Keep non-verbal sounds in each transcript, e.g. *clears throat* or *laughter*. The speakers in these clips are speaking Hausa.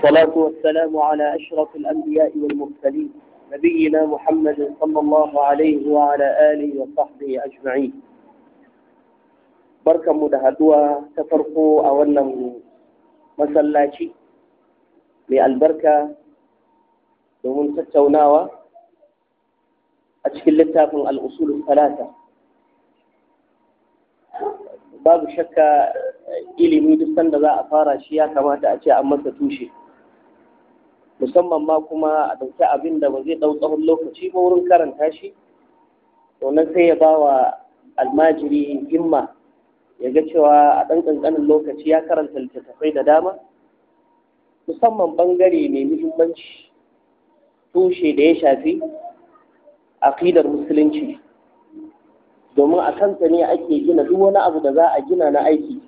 والصلاة والسلام على أشرف الأنبياء والمرسلين نبينا محمد صلى الله عليه وعلى آله وصحبه أجمعين بركة مدهدوة تفرقوا أولا مسلاتي من البركة domin tattaunawa a cikin littafin al'usul talata babu shakka ilimi duk sanda za a fara shi ya kamata a ce an masa tushe musamman ma kuma a ɗauki abin da ba zai ɗau tsawon lokaci ba wurin karanta shi wannan sai ya ba almajiri himma ya ga cewa a ɗan ƙanƙanin lokaci ya karanta littattafai da dama musamman ɓangare mai muhimmanci tushe da ya shafi aƙidar musulunci domin a kanta ne ake gina duk wani abu da za a gina na aiki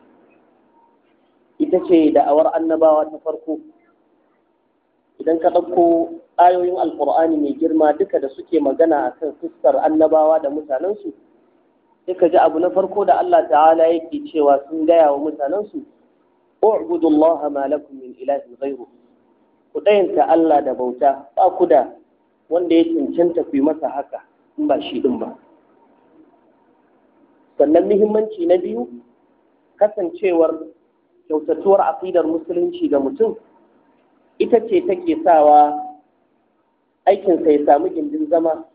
ita ce da'awar annabawa ta farko idan ka ɗauko ayoyin Alƙur'ani mai girma duka da suke magana a kan fuskar annabawa da mutanensu sai ka ji abu na farko da Allah ta'ala yake cewa sun gaya wa mutanensu u'budu Allah ma lakum min ilahin ghairu ku dayanta Allah da bauta ba ku da wanda ya cancanta ku masa haka in ba shi din ba sannan muhimmanci na biyu kasancewar kyautatuwar aqidar musulunci ga mutum ita ce take sawa aikinsa ya sami gindin zama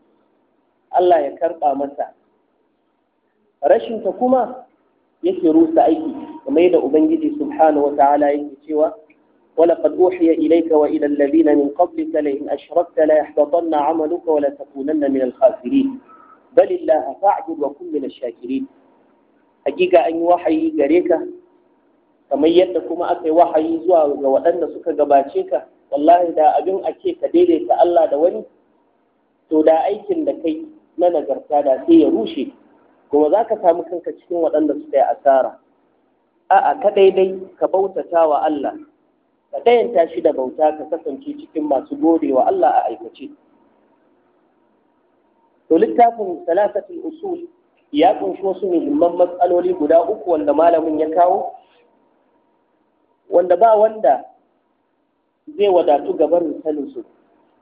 Allah ya karɓa masa rashinta kuma yake rusa aiki kamar yadda ubangiji subhanahu wa ta'ala yake cewa wala qad uhiya ilayka wa ila alladhina min qablika la in ashrakta la yahbatanna 'amaluka wa la takunanna min al-khasirin bal illaha fa'bud wa kun min ash-shakirin hakika an yi wahayi gare kamar yadda kuma aka yi wahayi zuwa ga waɗanda suka gabace ka wallahi da abin ake ka daidaita Allah da wani to da aikin da kai na nagarta da sai ya rushe kuma za ka samu kanka cikin waɗanda suka yi asara a'a ka daidai ka bautata wa Allah ka ɗayanta shi da bauta ka kasance cikin masu gode wa Allah a aikace to littafin salasatul usul ya ƙunshi wasu muhimman matsaloli guda uku wanda malamin ya kawo wanda ba wanda zai wadatu gaban sanin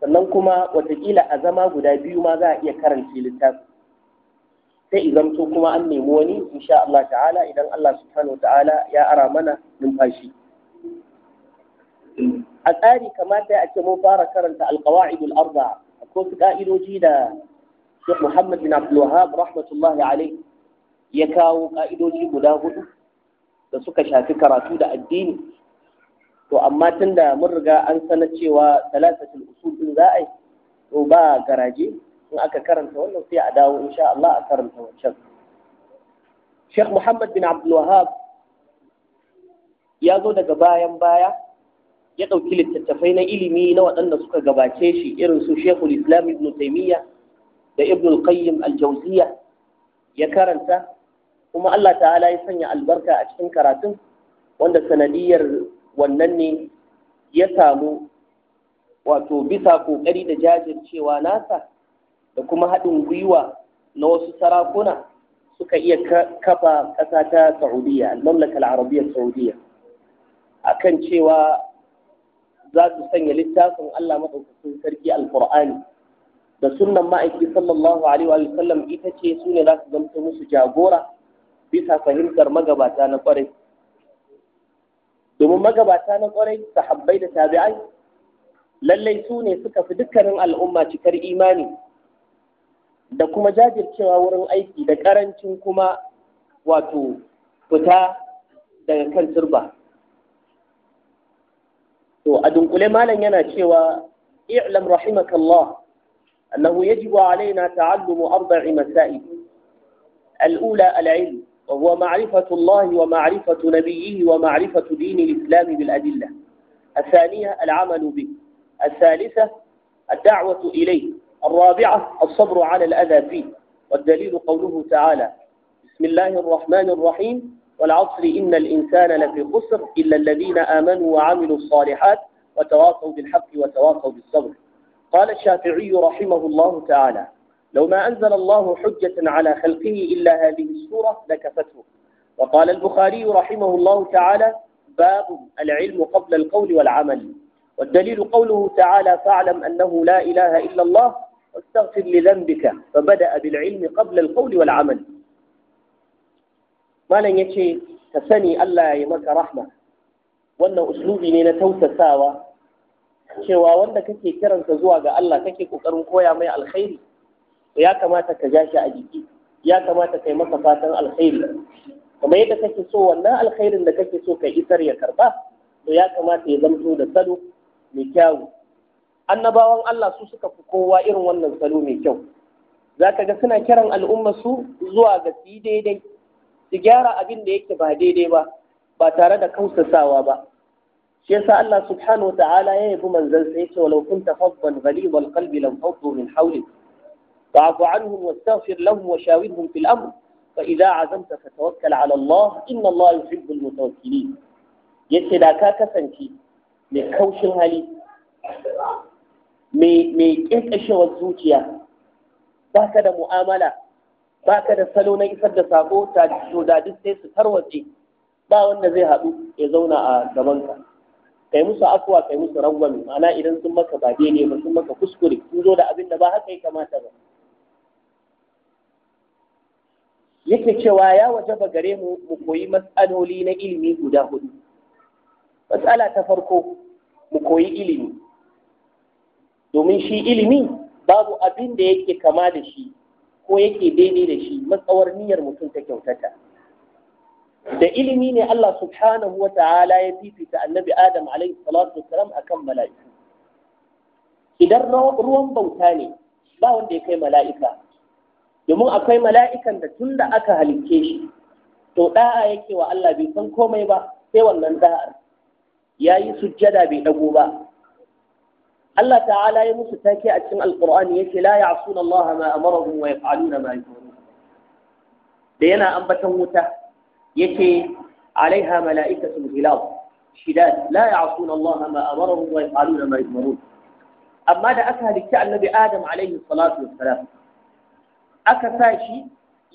sannan kuma watakila a zama guda biyu ma za a iya karanci littafi sai izamto kuma an nemi wani insha Allah ta'ala idan Allah subhanahu ta'ala ya ara mana numfashi a tsari kamata ya ce mun fara karanta alqawaidul arba'a ko su ka'idoji da Sheikh Muhammad bin Abdul rahmatullahi alayhi ya kawo ka'idoji guda hudu da suka shafi karatu da addini to amma tunda mun riga an sanar cewa talatatul usul din za a yi to ba garaje in aka karanta wannan sai a dawo insha Allah a karanta wancan Sheikh Muhammad bin Abdul Wahab ya zo daga bayan baya ya ɗauki littattafai na ilimi na waɗanda suka gabace shi irin su Sheikhul Islam Ibn Taymiyyah da Ibn qayyim al ya karanta kuma Allah ta'ala ya sanya albarka a cikin karatun wanda sanadiyar wannan ne ya samu wato bisa ƙoƙari da jajircewa nasa da kuma haɗin gwiwa na wasu sarakuna suka iya kafa ƙasa ta saudiya al-mamlaka al-arabiyya saudiya akan cewa za su sanya littafin Allah maɗaukakin sarki al alƙur'ani da sunnan ma'aiki sallallahu alaihi wa sallam ita ce sune ne za su zamta musu jagora bisa fahimtar magabata na ƙwarai domin magabata na kwarai sahabbai da tabi'ai lallai su ne suka fi dukkanin al'umma cikar imani da kuma jajircewa wurin aiki da karancin kuma wato fita daga kan turba to a dunkule malam yana cewa i'lam rahimakallah annahu yajibu alaina ta'allumu arba'i masail al-ula وهو معرفة الله ومعرفة نبيه ومعرفة دين الإسلام بالأدلة الثانية العمل به الثالثة الدعوة إليه الرابعة الصبر على الأذى فيه والدليل قوله تعالى بسم الله الرحمن الرحيم والعصر إن الإنسان لفي خسر إلا الذين آمنوا وعملوا الصالحات وتواصوا بالحق وتواصوا بالصبر قال الشافعي رحمه الله تعالى لو ما أنزل الله حجة على خلقه إلا هذه السورة لكفته وقال البخاري رحمه الله تعالى باب العلم قبل القول والعمل والدليل قوله تعالى فاعلم أنه لا إله إلا الله واستغفر لذنبك فبدأ بالعلم قبل القول والعمل ما لن يتشي تسني ألا يمك رحمة وأن أسلوبي من توسى ساوى شوى وأنك kake kiransa الله ga Allah kake kokarin koya الخير ya kamata ka ja shi a jiki ya kamata ka yi masa fatan alkhairi kuma yadda kake so wannan alkhairin da kake so ka isar ya karba to ya kamata ya zamto da salo mai kyau annabawan Allah su suka fi kowa irin wannan salo mai kyau za ka ga suna kiran al'umma su zuwa ga su daidai su gyara abin da yake ba daidai ba ba tare da kausasawa ba shi yasa Allah subhanahu wa ta'ala ya yabi manzon sa ce walau kunta faddan ghalibal qalbi lam faddu min hawlik فاعف عنهم واستغفر لهم وشاورهم في الأمر azamtasa عزمت فتوكل على الله إن الله يحب المتوكلين yace da ka kasance mai kaushin hali mai ƙinƙashewar zuciya ba ka da mu'amala ba ka da salo na isar da sako ta da duk sai su tarwace ba wanda zai haɗu ya zauna a gabanka kai musu afuwa kai musu rangwame ma'ana idan sun maka ba ne ba sun maka kuskure sun zo da abinda ba haka ya kamata ba yake cewa ya wajaba gare mu mu koyi matsaloli na ilimi guda hudu matsala ta farko mu koyi ilimi domin shi ilimi babu abin da yake kama da shi ko yake daidai da shi matsawar niyyar mutum ta kyautata da ilimi ne Allah subhanahu wa ta'ala ya fifita annabi Adam alaihi salatu wassalam akan mala'iku idan ruwan bauta ne ba wanda ya kai mala'ika domin akwai mala'ikan da tun da aka halicce shi to da'a yake wa Allah bai san komai ba sai wannan da'ar ya yi sujjada bai dago ba Allah ta'ala ya musu take a cikin alqur'ani yake la ya'suna Allah ma amarahum wa yaf'aluna ma yashurun da yana ambaton wuta yake alaiha mala'ikatul ghilab shidad la ya'suna Allah ma amarahum wa yaf'aluna ma yashurun amma da aka halicci annabi Adam alaihi salatu wassalam aka sa shi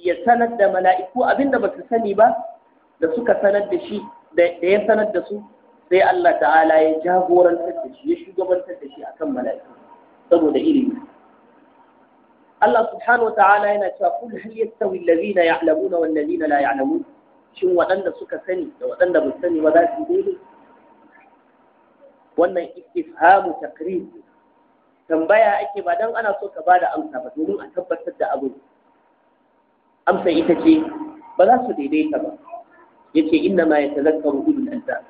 ya sanar da mala'iku abinda ba su sani ba da suka sanar da shi da ya sanar da su sai Allah ta'ala ya jagorantar da shi ya shugabantar da shi akan mala'iku saboda ilimi Allah subhanahu wa ta'ala yana cewa kul hal yastawi alladhina ya'lamuna wal ladina la ya'lamun shin waɗanda suka sani da waɗanda ba sani ba za su yi daidai wannan istifhamu taqrir tambaya ake ba don ana so ka ba da amsa ba domin a tabbatar da abu amsa ita ce ba za su daidaita ba ya ce inna ma ya tazakkaru ulul ta.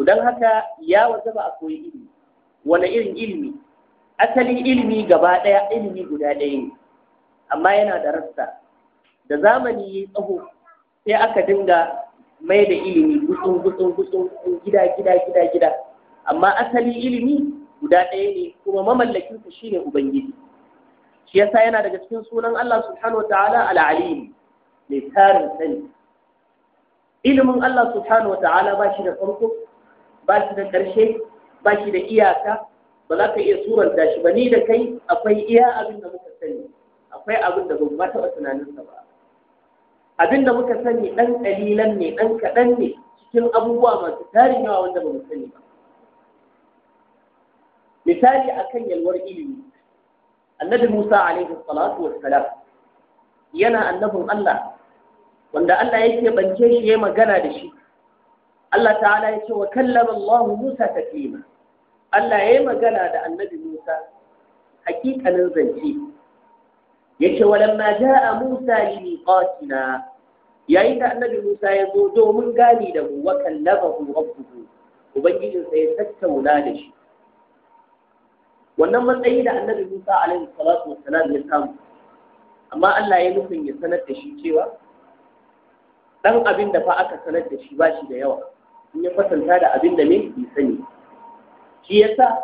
to don haka ya waje ba a koyi ilmi wani irin ilimi asali ilimi gaba ɗaya ilimi guda ɗaya ne amma yana da rasta. da zamani ya tsaho sai aka dinga mai da ilimi gutsun gutsun gutsun gida gida gida gida amma asali ilimi guda ɗaya ne kuma mamallakin sa shine ubangiji shi yasa yana daga cikin sunan Allah subhanahu wataala al-alim mai tarin sani ilimin Allah subhanahu wataala ba shi da farko ba shi da ƙarshe ba shi da iyaka ba za ka iya suranta shi ba ni da kai akwai iya abin da muka sani akwai abin da ba taɓa tunaninsa ba abin da muka sani ɗan ƙalilan ne ɗan kaɗan ne cikin abubuwa masu tarin yawa wanda ba mu sani ba misali akan yalwar ilimi annabi Musa alaihi salatu wassalam yana annabin Allah wanda Allah yake bance shi ya magana da shi Allah ta'ala ya ce wa kallama Allah Musa taklima Allah ya yi magana da annabi Musa hakikanin zance yace walamma jaa Musa limiqatina yayin da annabi Musa ya zo domin gani da mu wa kallamahu rabbuhu ubangijinsa ya tattauna da shi wannan matsayi da annabi Musa alaihi salatu wassalam ya samu amma Allah ya nufin ya sanar da shi cewa dan abin da fa aka sanar da shi bashi da yawa in ya kwatanta da abin da me bai sani shi yasa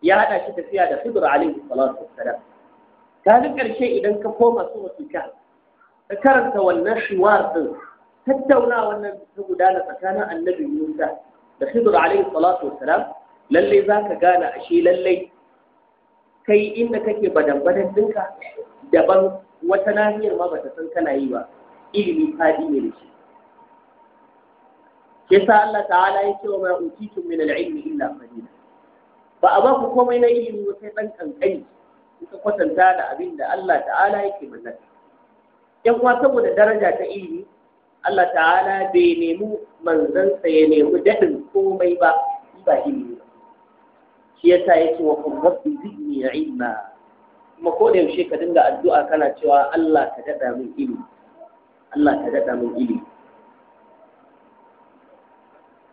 ya hada shi tafiya da Khidr alaihi salatu wassalam ka ga karshe idan ka koma su kahf ka karanta wannan shiwar din tattauna wannan ta gudana tsakanin annabi Musa da Khidr alaihi salatu wassalam lalle ka gane ashe lallai! kai inda kake badan-badan dinka daban wata nahiyar ma bata san kana yi ba ilimi fadi ne da shi ke sa Allah ta'ala ya ce wa ma utitum min al-ilmi illa qalila ba a ba komai na ilimi ba sai dan kankani kuka kwatanta da abin da Allah ta'ala yake mallaka yan uwa saboda daraja ta ilimi Allah ta'ala bai nemi manzansa ya nemi daɗin komai ba ba ilimi shi ya sa ya ce wa kun ya zidni ilma kuma ko da yaushe ka dinga addu'a kana cewa Allah ka dada min ilimi Allah ka dada min ilimi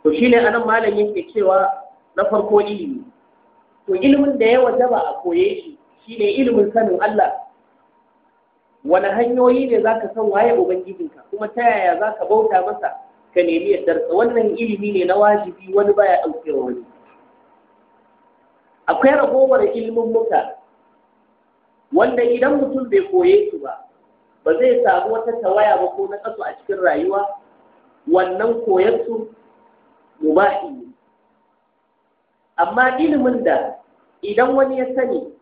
to ne anan malam yake cewa na farko ilimi to ilimin da ya wajaba a koye shi shi ne ilimin sanin Allah wani hanyoyi ne za ka san waye ubangijinka kuma ta yaya za ka bauta masa ka nemi yardar wannan ilimi ne na wajibi wani baya wa wani akwai ragowar ilmummuka wanda idan mutum bai koye su ba ba zai samu wata tawaya ba ko na kasu a cikin rayuwa wannan koyar su mubahi ne amma ilimin da idan wani ya sani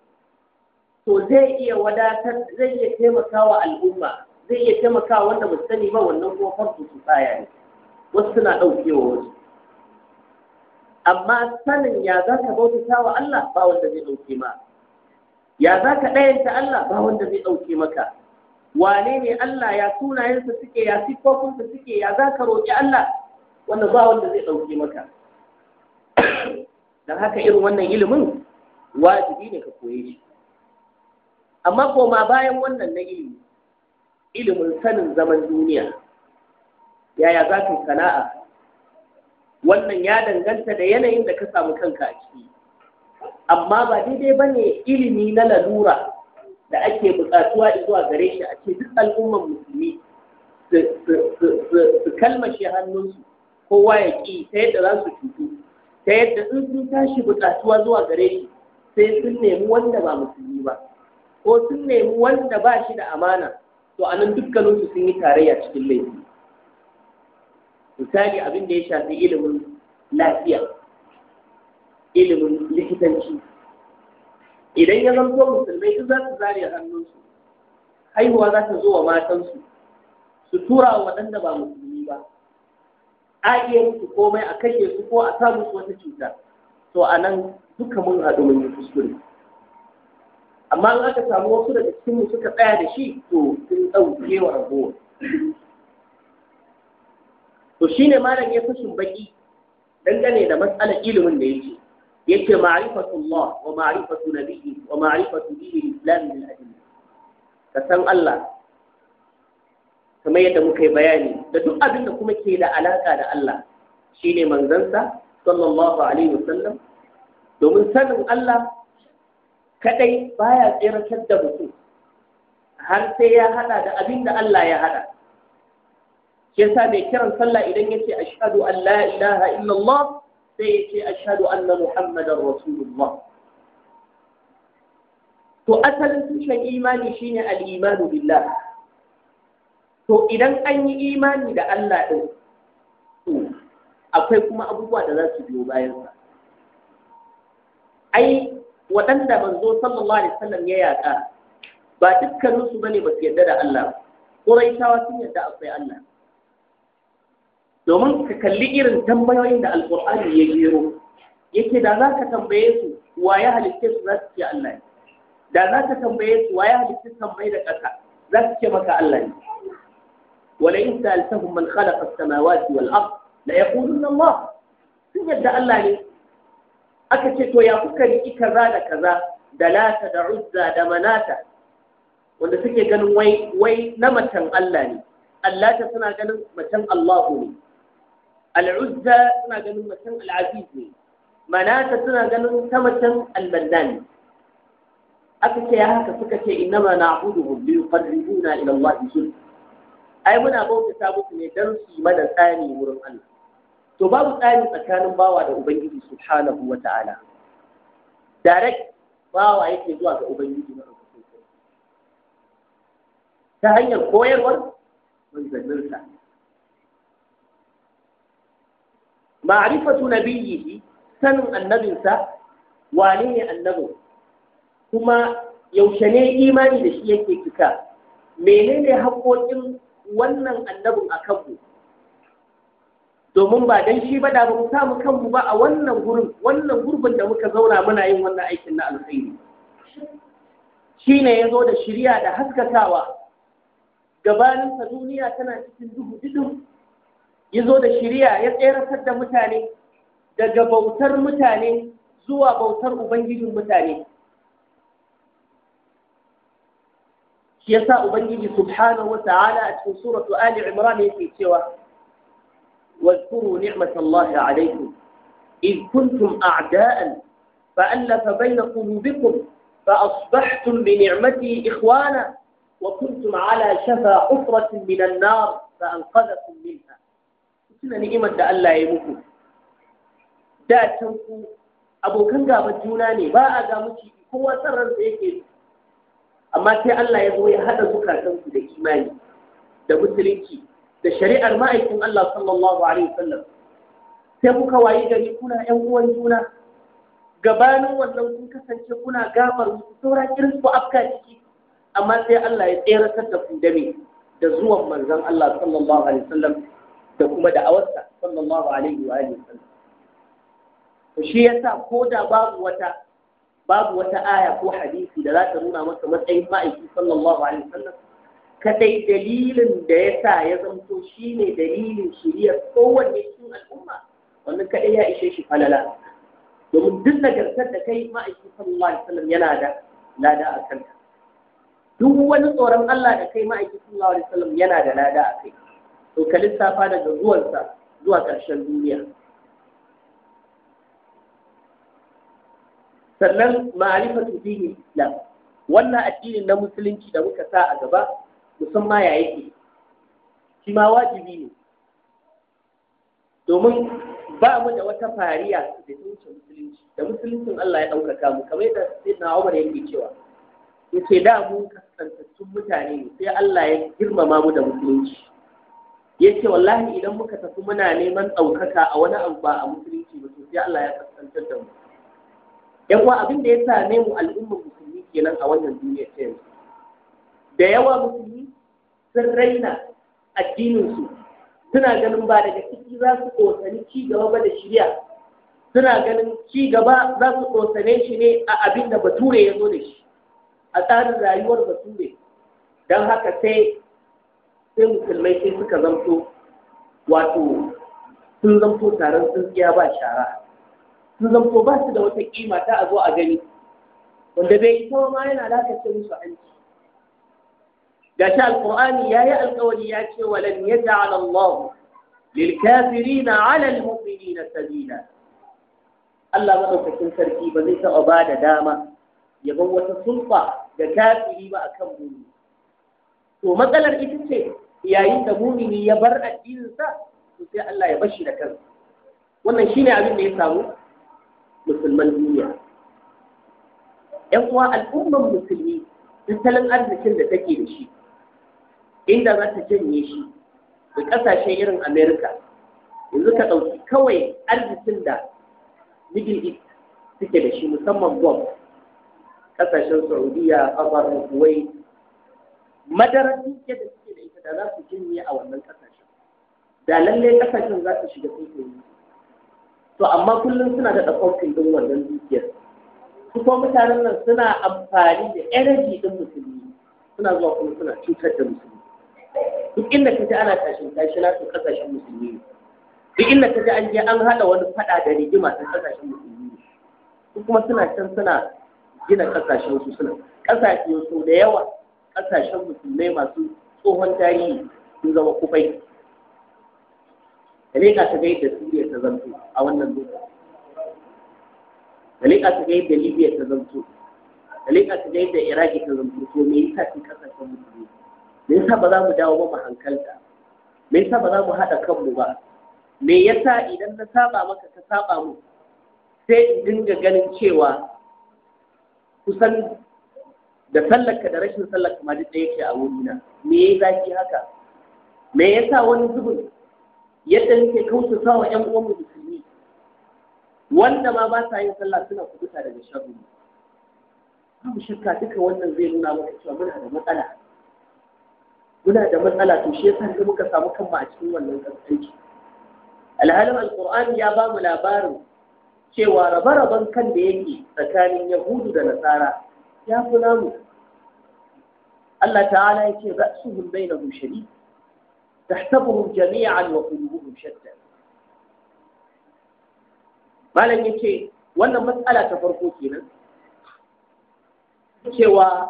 to zai iya wadatar zai iya taimakawa al'umma zai iya taimakawa wanda mu sani ba wannan kuma farko su tsaya ne wasu suna ɗaukewa wasu amma sanin ya za ka bautata wa Allah ba wanda zai ɗauke ma ya za ka ɗayanta Allah ba wanda zai ɗauke maka wane ne Allah ya sunayensa suke ya siffofinsa suke ya za ka roƙi Allah wanda ba wanda zai ɗauke maka don haka irin wannan ilimin wajibi ne ka koye shi amma koma bayan wannan na ilimi ilimin sanin zaman duniya yaya za ka sana'a wannan ya danganta da yanayin da ka samu kanka a ciki amma ba daidai ba ne ilimi na lalura da ake buƙatuwa zuwa gare shi a ce duk al'ummar musulmi su kalmashe hannunsu kowa ya ƙi ta yadda za su cutu ta yadda in sun tashi buƙatuwa zuwa gare shi sai sun nemi wanda ba musulmi ba ko sun nemi wanda ba shi da amana to a nan dukkaninsu sun yi tarayya cikin laifi misali abin da ya shafi ilimin lafiya ilimin likitanci idan ya zanto musulmai su za su zare hannunsu haihuwa za ta zo wa matansu su tura wa waɗanda ba musulmi ba a iya musu komai a kashe su ko a sa musu wata cuta to a nan duka mun haɗu mun yi kuskure amma in aka samu wasu daga cikinmu suka tsaya da shi to sun ɗauke wa ragowar to shine malam ya sun baki dangane da matsalar ilimin da yake yake ma'rifatullah wa ma'rifatu nabiyyi wa ma'rifatu dinil islam min ajli ka san Allah kamar yadda muka yi bayani da duk abin da kuma ke da alaka da Allah Shi ne manzansa sallallahu alaihi wasallam domin sanin Allah kadai baya tsirkar da mutum har sai ya hada da abin da Allah ya hada yasa mai kiran sallah idan yace ashhadu an la ilaha illallah sai yace ashhadu anna muhammadar rasulullah to asalin tushen imani shine al-imanu billah to idan an yi imani da Allah din to akwai kuma abubuwa da za su biyo bayan sa ai waɗanda manzo sallallahu alaihi wasallam ya yaƙa ba dukkaninsu bane ba su yarda da Allah Quraishawa sun yarda akwai Allah domin ka kalli irin tambayoyin da alƙur'ani ya gero yake da za ka tambaye su wa ya halitta su za su ce Allah ne da za ka tambaye su wa ya halitta tambaye da ƙasa za su ce maka Allah ne wala in sa'altahum man khalaqa as-samawati wal ard la yaquluna Allah sun yadda Allah ne aka ce to ya kuka riki kaza da kaza da lata da uzza da manata wanda suke ganin wai wai na macen Allah ne Allah ta suna ganin macen Allahu ne al'uzza suna ganin macen al'aziz ne manata suna ganin ta macen al aka ce ya haka suka ce inna ma hudu, bi yuqarribuna ila Allah zul ai muna bauta musu ne dan su mana tsani wurin Allah to babu tsani tsakanin bawa da ubangiji subhanahu wa ta'ala direct bawa yake zuwa ga ubangiji na ta hanyar koyarwar manzanninsa معرفة نبيه sanin annabinsa wane ne annabin kuma yaushe ne imani da shi yake kika? menene haƙoƙin wannan annabin domin ba dan shi ba da ba samu kanmu ba a wannan gurin wannan gurbin da muka zauna muna yin wannan aikin na alkhairi shine ya zo da shirya da haskakawa gabaninsa duniya tana cikin duhu dudu ya zo da shiriya ya tseratar da mutane daga bautar mutane zuwa bautar ubangijin mutane shi yasa ubangiji subhanahu wata'ala a cikin suratu ali imran yake cewa واذكروا نعمة الله عليكم إذ كنتم أعداء فألف بين قلوبكم فأصبحتم بنعمته إخوانا وكنتم على شفا حفرة من النار فأنقذكم منها tuna ni'imar da Allah ya muku da can ku abokan gaba juna ne ba a ga miki kowa san ransa yake amma sai Allah ya zo ya hada zukatan ku da imani da musulunci da shari'ar ma'aikin Allah sallallahu alaihi wasallam sai kuka wayi gari kuna ƴan uwan juna gabanin wannan kun kasance kuna musu saura irin ku afka ciki amma sai Allah ya tsere da ku da me da zuwan manzon Allah sallallahu alaihi wasallam da kuma da'awarsa sallallahu alaihi wa alihi wasallam to shi yasa ko da babu wata babu wata aya ko hadisi da za ta nuna maka matsayin ma'aiki sallallahu alaihi wasallam kadai dalilin da ya sa ya zamto shi ne dalilin shiriyar kowanne cikin al'umma wannan kadai ya ishe shi falala domin duk nagartar da kai ma'aiki sallallahu alaihi wasallam yana da lada a kanta duk wani tsoron Allah da kai ma'aiki sallallahu alaihi wasallam yana da lada a kai to ka lissafa daga zuwansa zuwa ƙarshen duniya sannan ma'arifatu dinin islam wannan addinin na musulunci da muka sa a gaba musamman ya yake shi ma wajibi ne domin ba mu da wata fariya da ta musulunci da musuluncin Allah ya ɗaukaka mu kamar yadda sayyidina Umar yake cewa yace da mu kasantattun mutane ne sai Allah ya girmama mu da musulunci ya ce wallahi idan muka tafi muna neman ɗaukaka a wani abu ba a musulunci ba sai Allah ya kasance da mu yan uwa abin da ya same mu al'ummar musulmi kenan a wannan duniya ta yanzu da yawa musulmi sun raina addininsu suna ganin ba daga ciki za su kosani ci gaba ba da shirya suna ganin ci gaba za su kosane shi ne a abin da bature ya zo da shi a tsarin rayuwar bature don haka sai sai musulmai sai suka zamto wato sun zamto taron tsintsiya ba shara sun zamto ba su da wata kima ta a zo a gani wanda bai ita ma yana lakace musu hanci gashi ya yi alƙawari ya ce walan yaj'al Allah lil kafirina 'ala al mu'minina sabila Allah madaukakin sarki ba zai taɓa ba da dama ya bar wata sulfa da kafiri ba akan mu to matsalar ita ce yayin da mumini ya bar addininsa to sai Allah ya bashi da kansa wannan shine abin da ya samu musulman duniya ‘yan uwa al'ummar musulmi tattalin arzikin da take da shi inda za ta janye shi da ƙasashen irin America yanzu ka ɗauki kawai arzikin da middle east suke da shi musamman Gulf ƙasashen saudiya Qatar, kuwait madarar duke da da za su janye a wannan ƙasashen da lallai ƙasashen za su shiga tsinkoyi to amma kullum suna da ɗaukar ɗin wannan dukiyar su kuma mutanen nan suna amfani da energy ɗin musulmi suna zuwa kuma suna cutar da musulmi duk inda ka ji ana tashin tashi na su ƙasashen musulmi ne duk inda ka ji an je an haɗa wani faɗa da rigima ta ƙasashen musulmi ne su kuma suna can suna gina kasashen su suna ƙasashe sau da yawa ƙasashen musulmai masu tsohon tarihi sun zama kufai dalika ta ga yadda suriya ta zanto a wannan lokaci dalika ta ga yadda libya ta zanto dalika ta ga yadda iraki ta zanto to me yasa sun kasance mutane? me yasa ba za mu dawo ba mu hankalta me yasa ba za mu haɗa kanmu ba me yasa idan na saba maka ka saba mu sai in dinga ganin cewa kusan da sallarka da rashin sallarka ma duk ɗaya ke a wurina me ya zaki haka me ya sa wani zubin yadda nake kausa wa ƴan uwan musulmi wanda ma ba sa yin sallah suna kubuta daga sharri babu shakka duka wannan zai nuna maka cewa muna da matsala muna da matsala to shi yasa da muka samu kanmu a cikin wannan kasance alhalin alqur'ani ya ba mu labarin cewa rabe-raben kan da yake tsakanin yahudu da nasara ya fi namu Allah ta'ala ya ce ra'suhum bainahum shadid tahsabuhum jami'an wa qulubuhum shatta malam ce, wannan matsala ta farko kenan cewa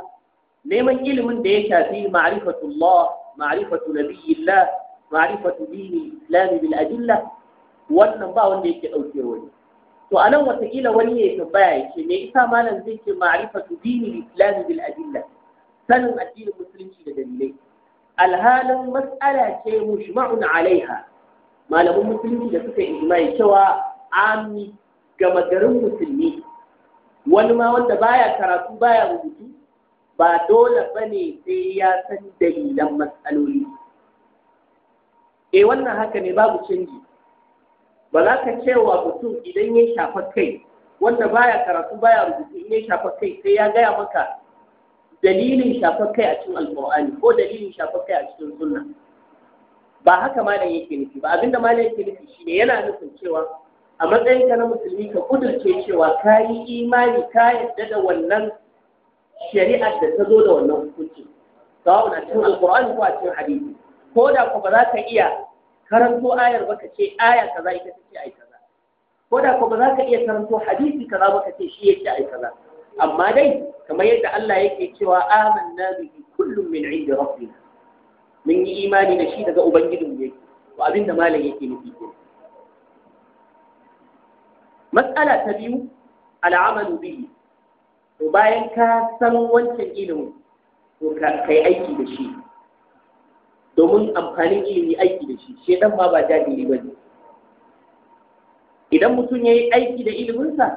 neman ilimin da ya shafi ma'rifatullah ma'rifatu nabiyillah ma'rifatu dini islam bil adilla wannan ba wanda yake dauke wani to anan wataƙila wani ya tambaya ya ce me yasa malam zai ce ma'rifatu dini islam bil adilla sanin addinin musulunci da dalilai alhalin matsala ce mushma'un alaiha Malamin musulunci da suka ijma'i cewa ami gama garin musulmi wani ma wanda baya karatu baya rubutu ba dole bane sai ya san dalilan matsaloli E, wannan haka ne babu canji ba za ka cewa mutum idan ya shafa kai wanda baya karatu baya rubutu in ya shafa kai sai ya gaya maka dalilin shafar a cikin alƙur'ani ko dalilin shafar a cikin sunna ba haka malam yake nufi ba abinda malam yake nufi shine yana nufin cewa a matsayin na musulmi ka kudurce cewa ka yi imani ka yadda da wannan shari'ar da ta zo da wannan hukunci sawa'un a cikin alƙur'ani ko a cikin hadisi ko da ko ba za ka iya karanto ayar ba ka ce aya kaza ita ce ai kaza ko da ko ba za ka iya karanto hadisi kaza ba ka ce shi yake ai kaza amma dai kamar yadda Allah yake cewa amanna bihi kullum min inda rabbina mun yi imani da shi daga ubangijin yake to abinda malam yake nufi ko mas'ala ta biyu al'amalu bihi to bayan ka san wancan ilimin to ka yi aiki da shi domin amfanin ilimi aiki da shi shedan ma ba jahili bane idan mutum yayi aiki da iliminsa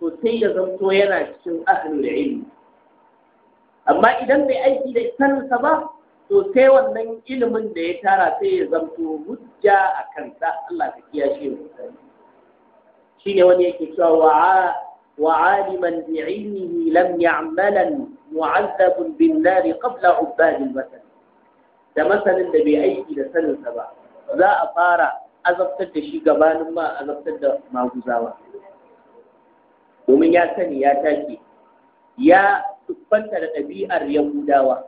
to sai ya zanto yana cikin ahlul ilmi amma idan bai aiki da kansa ba to sai wannan ilimin da ya tara sai ya zanto hujja a kansa Allah ka kiyashe Shi ne wani yake cewa wa وعالما بعلمه لم يعملا معذب بالنار قبل عباد الوثن da masanin da bai aiki da saninsa ba za a fara azabtar da shi gabanin ma azabtar da maguzawa domin ya sani ya tashi ya siffanta da ɗabi'ar yahudawa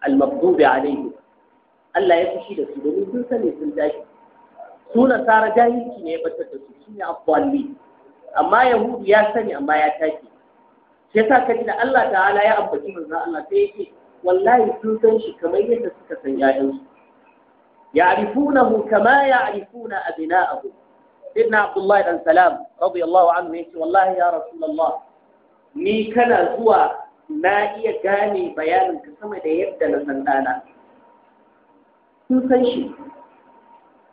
al-maghdubi alaihi Allah ya fushi da su domin sun sani sun tashi su nasara jahilci ne ya batar da su shine abwalli amma Yahudi ya sani amma ya tashi sai sa kaji da Allah ta'ala ya ambaci manzon Allah sai yake wallahi sun san shi kamar yadda suka san ƴaƴansu ya'rifunahu kama ya'rifuna abina'ahum sayyidina abdullahi dan salam radiyallahu anhu yace wallahi ya rasulullah ni kana zuwa na iya gane bayanin ka sama da yadda na san dana sun san shi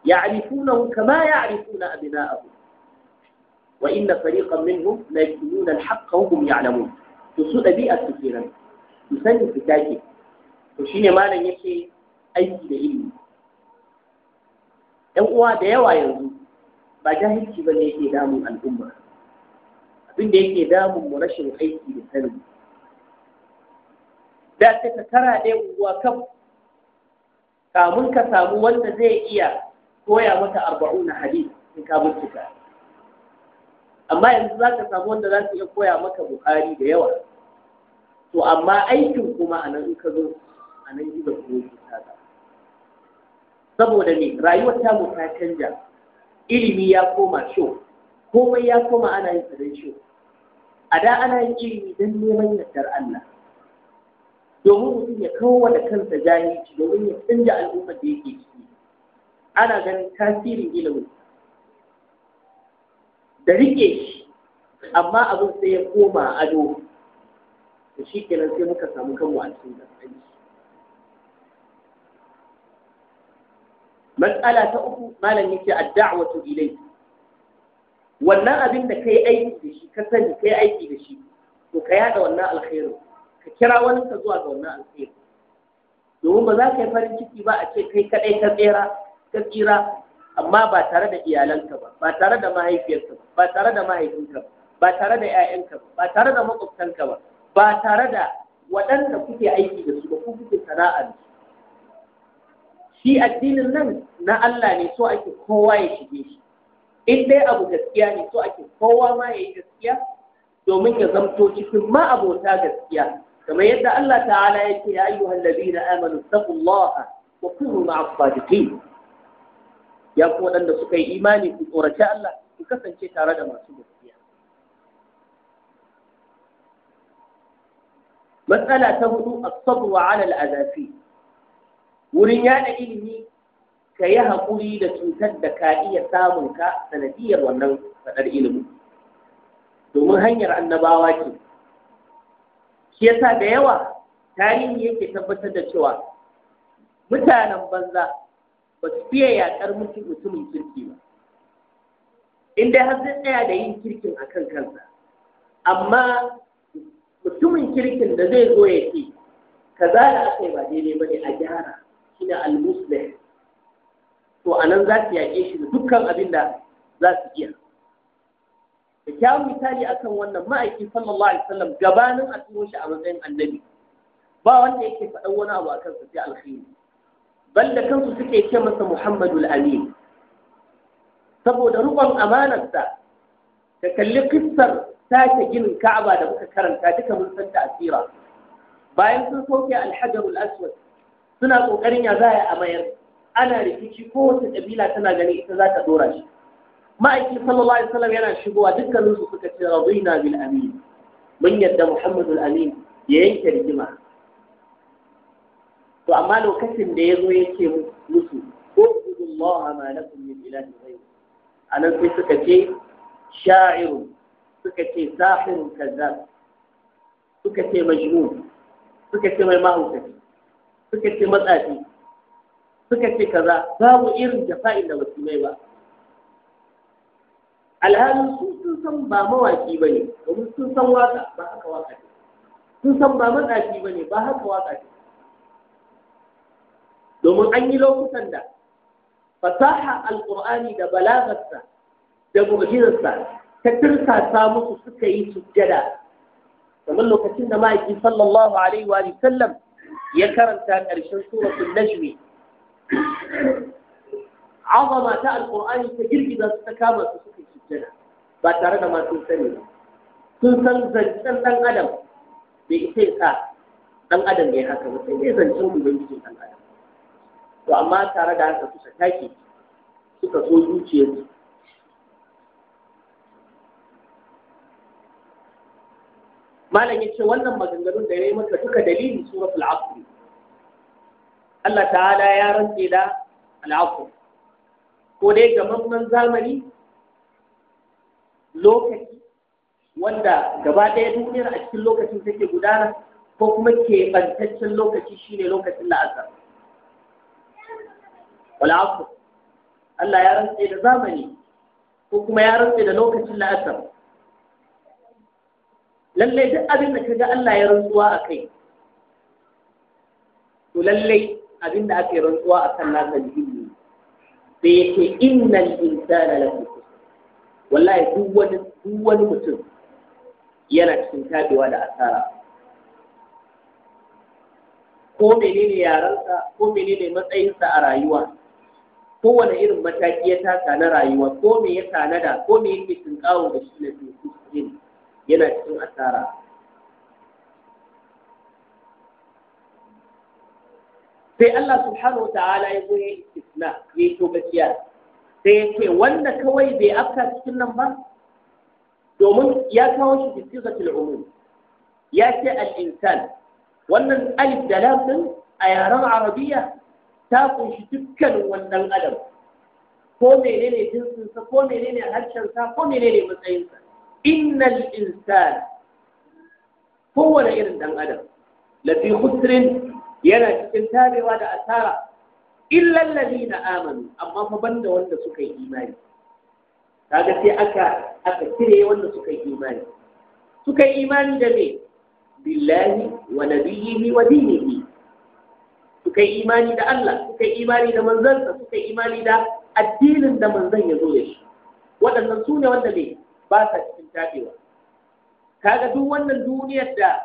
يعرفونه كما يعرفون أبناءهم وإن فريقا منهم لا يكتمون الحق وهم يعلمون تسود بيئة كثيرا تسني فتاكي وشين ما يكي أي دليل ‘Yan uwa da yawa yanzu ba jahilci ba ne yake damun al'umma abin da yake damun mu rashin aiki da sani da ta tara da ɗaya unguwa kan kamun ka samu wanda zai iya koya mata arba'una hadis in ka bincika amma yanzu za ka samu wanda za su iya koya maka bukari da yawa to amma aikin kuma a nan in ka zo a nan ji ba ta saboda ne rayuwar mu ta canja ilimi ya koma sho, komai ya koma ana yin don a da ana yin ilimi don neman yardar Allah domin mutum ya kawo wa da kansa jahilci domin ya canja al'ummar da yake ciki ana ganin tasirin ilimi. da rike shi amma abin sai ya koma ado da shi kenan sai muka samu kanmu a cikin gaskanci matsala ta uku malam yace ad-da'watu ilayhi wannan abin da kai aiki da shi ka sani kai aiki da shi to ka yada wannan alkhairu ka kira wani ka zuwa ga wannan domin ba za ka yi farin ciki ba a ce kai kadai ka tsira ka tsira amma ba tare da iyalanka ba ba tare da mahaifiyarka ba ba tare da mahaifinka ba ba tare da 'ya'yanka ba ba tare da makwabtanka ba ba tare da waɗanda kuke aiki da su ba ko kuke sana'a da su shi addinin nan na Allah ne so ake kowa ya shige shi in dai abu gaskiya ne so ake kowa ma ya yi gaskiya domin ya zamto cikin ma abota gaskiya kamar yadda Allah ta'ala ya ce ya ayyuhal ladina amanu taqullaha wa kunu ma'as sadiqin ya ku waɗanda suka yi imani ku tsoraci Allah ku kasance tare da masu gaskiya matsala ta hudu as-sabr 'ala al wurin yada ilimi ka yi haƙuri da cutar da ka iya samun ka sanadiyar wannan faɗar ilimi domin hanyar annabawa ce shi yasa da yawa tarihi yake tabbatar da cewa mutanen banza ba su fiye yaƙar mutumin kirki ba in dai har zai tsaya da yin kirkin a kan kansa amma mutumin kirkin da zai zo ya ce kaza da aka yi ba daidai ba ne a gyara shine al-muslim to anan za su yaƙe shi da dukkan abin da za su iya da kyawun misali akan wannan ma'aiki sallallahu alaihi wasallam gabanin a turo shi a matsayin annabi ba wanda yake faɗan wani abu akan su sai alkhairi bal da kansu suke ce masa Muhammadu amin saboda rubon amanarsa ka kalli kissar sake ginin Ka'aba da muka karanta duka mun san ta asira bayan sun soke alhajarul aswad suna ƙoƙarin ya za a mayar ana rikici kowace ƙabila tana ganin ita za ta dora shi ma'aikin sallallahu alaihi wasallam yana shigowa dukkanin su suka ce radina bil amin mun yadda muhammadul amin ya yanke rigima to amma lokacin da ya zo ya ce musu ubudullaha ma lakum min ilahin ghayr anan sai suka ce sha'iru suka ce sahirun kazzab suka ce majnun suka ce mai mahaukaci suka ce matsafi suka ce kaza babu irin jafa'in da basu mai ba alhalin su sun san ba mawaki ba ne domin sun san waka ba haka waka ce sun san ba matsafi ba ne ba haka waka ce domin an yi lokutan da fasaha alƙur'ani da balagarsa da mu'jizarsa ta tirsasa musu suka yi sujjada kamar lokacin da ma'aiki sallallahu alaihi wa sallam ya karanta ƙarshen suratul najmi azama ta alqur'ani ta girgiza su ta kama su suka sujjada ba tare da masu sani ba sun san zancen ɗan adam bai isa ya sa ɗan adam ya haka ba sai dai zancen ubangijin ɗan adam to amma tare da haka suka take suka so zuciyarsu malam ya ce wannan maganganun da ya yi maka duka dalilin suratul asr Allah ta'ala ya rantse da al'afu ko dai gamamman zamani lokaci wanda gaba ɗaya duniyar a cikin lokacin take gudana ko kuma keɓantaccen lokaci shine lokacin la'asar wal'afu Allah ya rantse da zamani ko kuma ya rantse da lokacin la'asar lallai duk abin da kaga Allah ya rantsuwa a kai to lallai abin da ake yi rantsuwa a kan nasa ne, sai ya ce innal insana lafi wallahi duk wani duk mutum yana cikin tabewa da asara ko menene yaransa ko menene matsayinsa a rayuwa Ko kowane irin mataki ya taka na rayuwa ko me ya tanada ko me yake tunkawo da shi na yana cikin asara sai Allah subhanahu wata'ala ya zo ya istisna ya yi tokaciya sai ya ce wanda kawai bai afka cikin nan ba domin ya kawo shi bisigatul umum ya ce al-insan wannan alif da lam din a yaren arabiya ta kunshi dukkan wannan adam ko menene jinsinsa ko menene sa, ko menene matsayinsa innal insan kowane irin dan adam lafi khusrin yana cikin tabewa da asara illal ladina amanu amma fa banda wanda suka yi imani kaga sai aka aka cire wanda suka yi imani suka yi imani da me billahi wa nabiyhi wa dinihi suka yi imani da Allah suka yi imani da manzansa suka yi imani da addinin da manzan ya zo da shi waɗannan su ne wanda me ba sa cikin tabewa kaga duk wannan duniyar da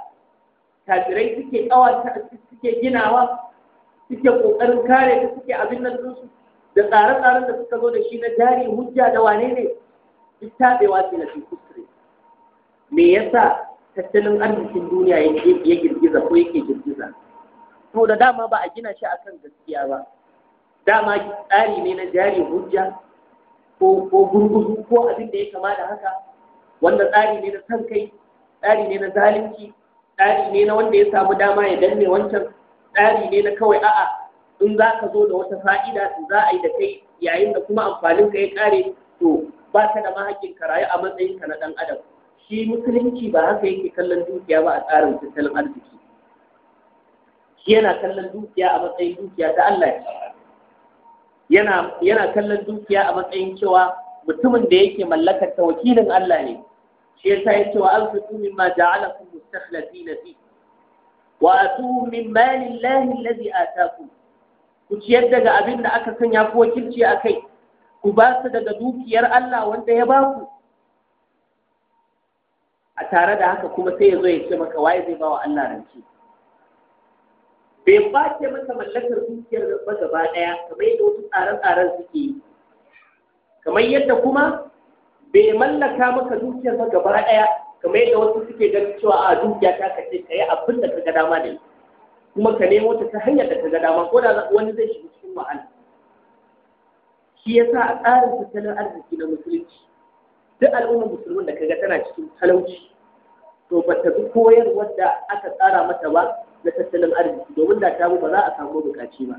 tajirai suke kawata suke ginawa suke kokarin kare ta suke abin nan su da tsare-tsaren da suka zo da shi na jari hujja da wane ne duk tabewa ce na fi me yasa tattalin arzikin duniya ya girgiza ko yake girgiza to da dama ba a gina shi a kan gaskiya ba dama tsari ne na jari hujja ko gurguzu ko abin da ya kama da haka wanda tsari ne na san kai tsari ne na zalunci tsari ne na wanda ya samu dama ya danne wancan tsari ne na kawai a'a in za ka zo da wata fa'ida su za a yi da kai yayin da kuma amfanin ka ya kare to ba ka da mahaƙin ka rayu a matsayin ka na ɗan adam shi musulunci ba haka yake kallon dukiya ba a tsarin tattalin arziki shi yana kallon dukiya a matsayin dukiya ta Allah yana yana kallon dukiya a matsayin cewa mutumin da yake mallakar ta wakilin Allah ne shi yasa yace wa anfiqu mimma ja'alakum mustakhlifina fi wa atu min mali llahi alladhi ta ku ciyar daga abin da aka sanya ku wakilci akai ku ba su daga dukiyar Allah wanda ya ba ku a tare da haka kuma sai ya zo ya ce maka waye zai ba wa Allah rance bai ba ce maka mallakar dukiyar ba gaba daya kamar yadda wasu tsare-tsaren suke yi kamar yadda kuma bai mallaka maka dukiyar ba gaba ɗaya kamar yadda wasu suke ganin cewa a dukiya ta kace ka yi abin da ka ga dama da kuma ka nemo ta ta hanyar da ka ga dama ko da wani zai shiga cikin wahala shi yasa a tsarin tattalin arziki na musulunci duk al'ummar musulmin da kaga tana cikin talauci to ba ta bi koyarwar da aka tsara mata ba na tattalin arziki domin da ta ba za a samu bukaci ba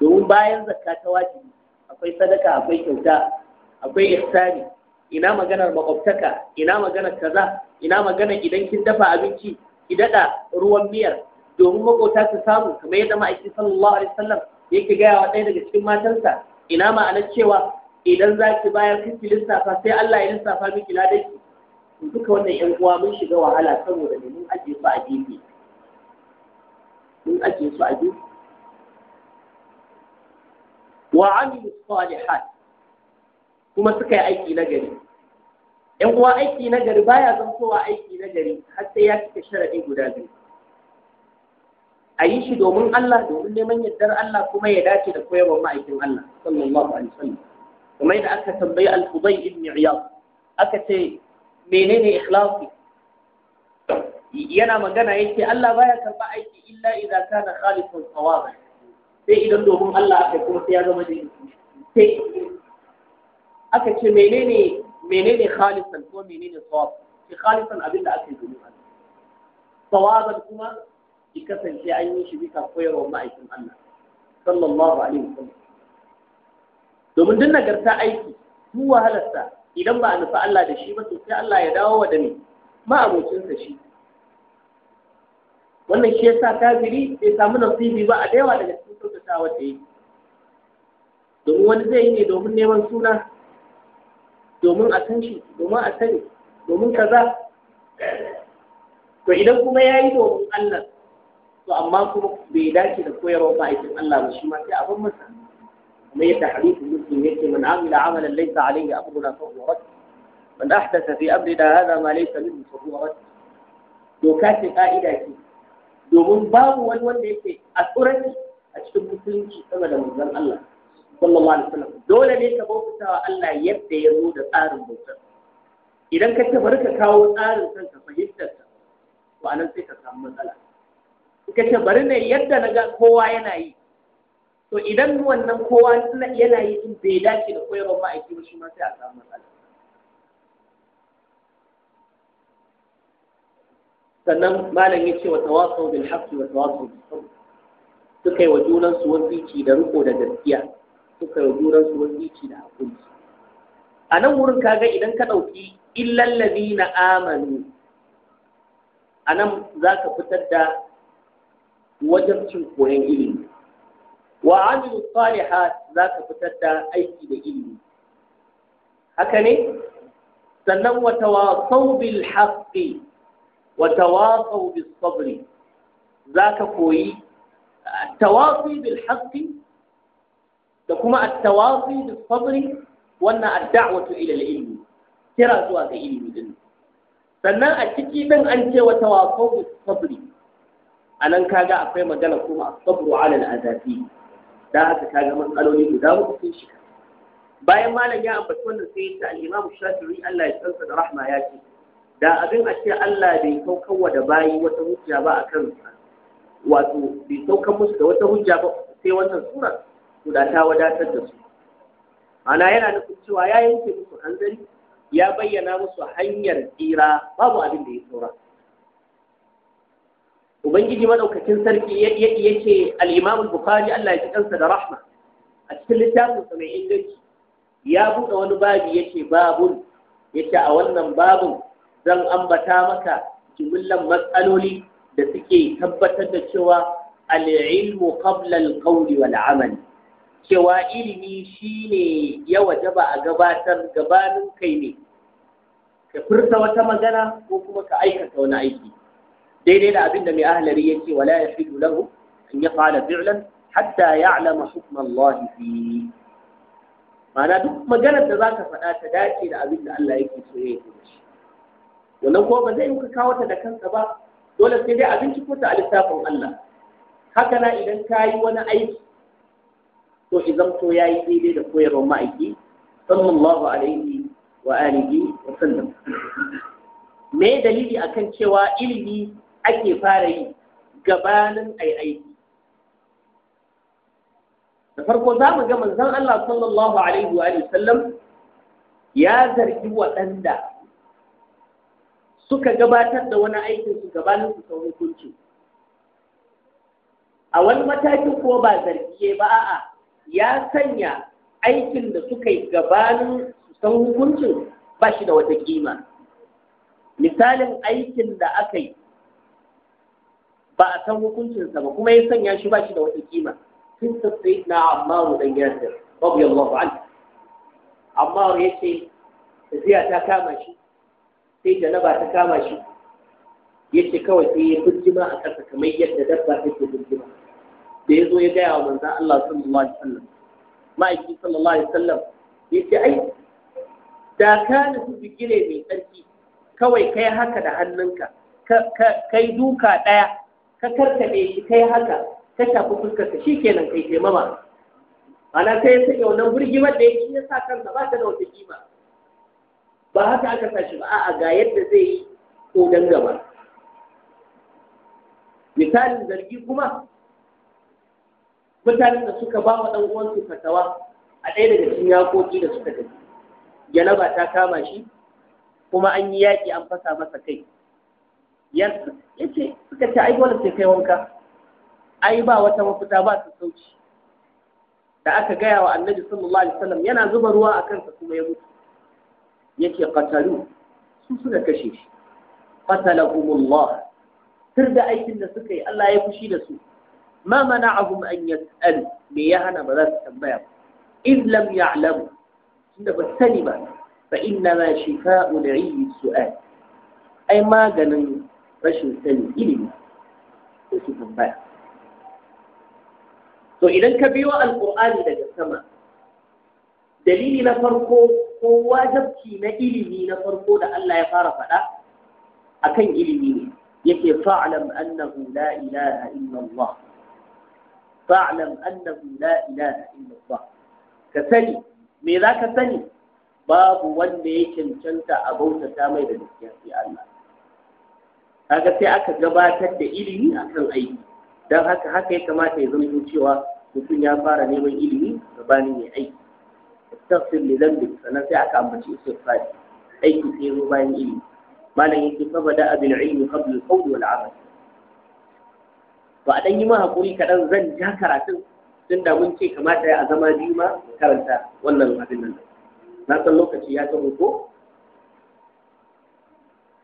domin bayan zakka ta wajibi akwai sadaka akwai kyauta akwai ihsani ina maganar makwabtaka ina maganar kaza ina maganar idan kin dafa abinci ki dada ruwan miyar domin makota su samu kamar yadda ma'aikin sallallahu alaihi wasallam yake gaya wa ɗaya daga cikin matansa ina ma'anar cewa idan za ki bayar kiki lissafa sai Allah ya lissafa miki ladanki duka wannan yan uwa mun shiga wahala saboda ne mun ajiye su a gefe mun ajiye su a gefe wa amilu salihat kuma suka yi aiki na gari ‘yan uwa aiki na gari baya zamtowa aiki na gari har sai ya cika sharaɗi guda biyu a yi shi domin Allah domin neman yardar Allah kuma ya dace da koyarwar ma'aikin Allah sallallahu alaihi wasallam Kuma yadda aka tambayi al-Fudayl ibn Iyad aka ce menene ikhlasi yana magana yake Allah baya karba aiki illa idza kana khalisun sawaba sai idan domin Allah aka kuma sai ya zama dai sai aka ce menene menene khalisan ko menene sawab shi khalisan abin da aka yi domin Allah kuma ki kasance an yi shi bisa koyarwar ma'aikin Allah sallallahu alaihi wasallam domin duk nagarta aiki duk wahalarsa idan ba a nufi Allah da shi ba to sai Allah ya dawo wa da ni ma'abocinsa shi wannan shi yasa kafiri bai samu nasibi ba a da yawa daga cikin kyautatawa da yake domin wani zai yi ne domin neman suna domin a san shi domin a sani domin kaza to idan kuma ya yi domin Allah to amma kuma bai dace da koyarwa ba aikin Allah ba shi ma sai abin masa kuma yadda hadisin muslim yake man amila amalan laysa alayhi amruna fa huwa rad man ahdatha fi amrina hadha ma laysa minhu fa huwa rad doka ce ka'ida ce domin babu wani wanda yake a tsoraci a cikin musulunci sama da manzon Allah sallallahu alaihi wasallam dole ne ka bauta wa Allah yadda ya zo da tsarin bautar idan ka ce bari ka kawo tsarin kanka fahimtar ka to anan sai ka samu matsala ka ce bari ne yadda na ga kowa yana yi to idan wannan kowa yana yi in bai dace da koyarwar ma'aiki ba shi ma sai a samu matsala sannan malam ya ce wa tawasau bil haqqi wa tawasau bis sabr suka yi wa junansu wasici da riko da gaskiya suka yi juran su wasiki da hakuri a nan wurin kaga idan ka ɗauki illallabi na amanu a nan za ka fitar da wajen cin koyon ilimi wa amilu salihat za ka fitar da aiki da ilimi haka ne sannan wa tawasau bil haqqi wa tawasau bis sabri za ka koyi tawasi bil haqqi da kuma attawafi da sabri wannan ad-da'watu ila ilmi kira zuwa ga ilimi din sannan a ciki din an ce wa tawafu sabri anan kaga akwai magana kuma sabru ala al-azabi da haka kaga matsaloli guda uku sun shiga bayan malam ya ambaci wannan sai ya al-imam shafi'i Allah ya tsansa da rahma ya ce da abin a ce Allah bai saukarwa da bayi wata hujja ba akan wato bai saukar musu da wata hujja ba sai wannan sura to da ta wadatar da su ana yana nufin cewa ya yanke musu hanzari ya bayyana musu hanyar tsira babu abin da ya saura ubangiji madaukakin sarki yake al-imam bukhari Allah ya ji kansa da rahma a cikin littafin mai inganci ya buɗe wani babi yake babun yake a wannan babun zan ambata maka jimillan matsaloli da suke tabbatar da cewa Al'ilmu ilmu qabla al-qawli wal amali cewa ilimi shine ya wajaba a gabatar gabanin kai ne ka furta wata magana ko kuma ka aikata wani aiki daidai da abinda mai ahlari yake wala yahidu lahu an yaf'ala fi'lan hatta ya'lama hukm Allah fi ma'ana duk maganar da zaka faɗa ta dace da abinda Allah yake so ya yi shi wannan ko ba zai yi ka kawo ta da kanka ba dole sai dai abinci ko ta lissafin Allah haka na idan ka yi wani aiki so idan to ya yi daidai da koyarwar ma'aiki sallallahu alaihi wa alihi wa sallam me dalili akan cewa ilimi ake fara yi gabanin ai aiki da farko za mu ga manzon Allah sallallahu alaihi wa sallam ya zargi waɗanda suka gabatar da wani aikin su gabanin su kan hukunci a wani matakin ko ba zargi ba a'a ya sanya aikin da suka yi gabanin san hukuncin ba shi da wata kima misalin aikin da aka yi ba a san hukuncinsa ba kuma ya sanya shi ba shi da wata kima sun sassa yi na ammaru ɗan yasir babu yallahu an ammaru ya ce tafiya ta kama shi sai janaba ta kama shi ya ce kawai sai ya birgima a ƙasa kamar yadda dabba take birgima da ya zo ya gaya wa manzan Allah sallallahu alaihi wasallam ma'aiki sallallahu alaihi wasallam ya ce ai da ka nufi bigire mai tsarki kawai kai haka da hannunka kai duka ɗaya ka karkaɗe shi kai haka ka shafi ka shi kenan kai taimama ana kai sai yau nan burgimar da yake ya sa kansa ba ta da wata kima ba haka aka sa ba a'a ga yadda zai yi ko dan gaba misalin zargi kuma mutanen da suka ba wa ɗan uwansu fatawa a ɗaya daga cikin yakoki da suka tafi janaba ta kama shi kuma an yi yaƙi an fasa masa kai ya ce suka ce ai dole sai kai wanka ai ba wata mafita ba su sauci da aka gaya wa annabi sallallahu alaihi wasallam yana zuba ruwa a kansa kuma ya mutu yake qatalu su suka kashe shi qatalahumullah sir da aikin da suka yi Allah ya fushi da su ma mana'ahum an yas'alu me ya hana ba za su tambaya ba in lam ya'lamu tunda ba sani ba fa inna ma shifa'u al-'ayyi ai maganin rashin sani ilimi tambaya to idan ka biyo alqur'ani daga sama dalili na farko ko wajabci na ilimi na farko da Allah ya fara faɗa akan ilimi ne yake fa'lam annahu la ilaha illa fa'lam annahu la ilaha illallah ka sani me za ka sani babu wanda ya cancanta a bautata mai da gaskiya sai Allah kaga sai aka gabatar da ilimi akan aiki dan haka haka ya kamata ya zama cewa mutum ya fara neman ilimi gabanin ya aiki tafsir li dhanbi sannan sai aka ambaci istighfar aiki sai zo bayan ilimi malam yake fa bada bil ilmi qabla al qawl wal amal to a ɗan yi ma haƙuri kaɗan zan ja karatun tun da mun ce kamata ya a zama biyu ma karanta wannan abin nan na san lokaci ya taho ko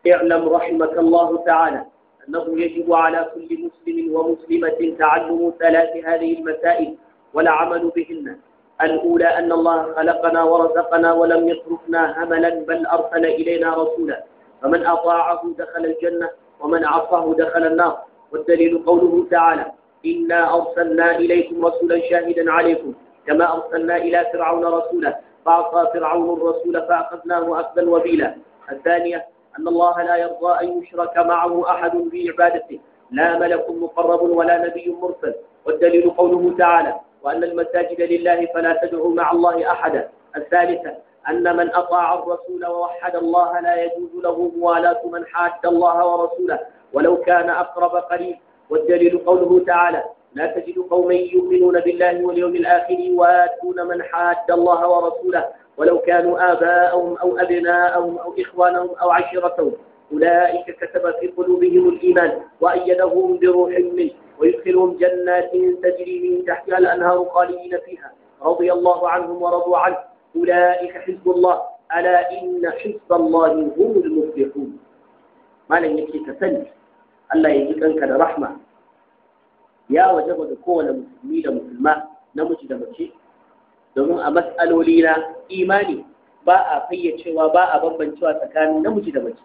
اعلم رحمك الله تعالى أنه يجب على كل مسلم ومسلمة تعلم ثلاث هذه المسائل والعمل بهن الأولى أن الله خلقنا ورزقنا ولم يتركنا هملا بل أرسل إلينا رسولا فمن أطاعه دخل الجنة ومن عصاه دخل النار والدليل قوله تعالى إنا أرسلنا إليكم رسولا شاهدا عليكم كما أرسلنا إلى فرعون رسولا فعصى فرعون الرسول فأخذناه أخذا وبيلا الثانية أن الله لا يرضى أن يشرك معه أحد في عبادته لا ملك مقرب ولا نبي مرسل والدليل قوله تعالى وأن المساجد لله فلا تدعوا مع الله أحدا الثالثة أن من أطاع الرسول ووحد الله لا يجوز له موالاة من حاد الله ورسوله ولو كان أقرب قريب والدليل قوله تعالى لا تجد قوما يؤمنون بالله واليوم الآخر يوادون من حاد الله ورسوله ولو كانوا آباءهم أو أبناءهم أو إخوانهم أو عشيرتهم أولئك كتب في قلوبهم الإيمان وأيدهم بروح منه ويدخلهم جنات تجري من تحتها الأنهار خالدين فيها رضي الله عنهم ورضوا عنه أولئك حزب الله ألا إن حزب الله هم المفلحون ما لم يكن تسلي Allah ya yi kanka da rahma ya waje ga kowane musulmi da musulma namiji da mace domin a matsaloli na imani ba a fayyacewa ba a bambancewa tsakanin namiji da mace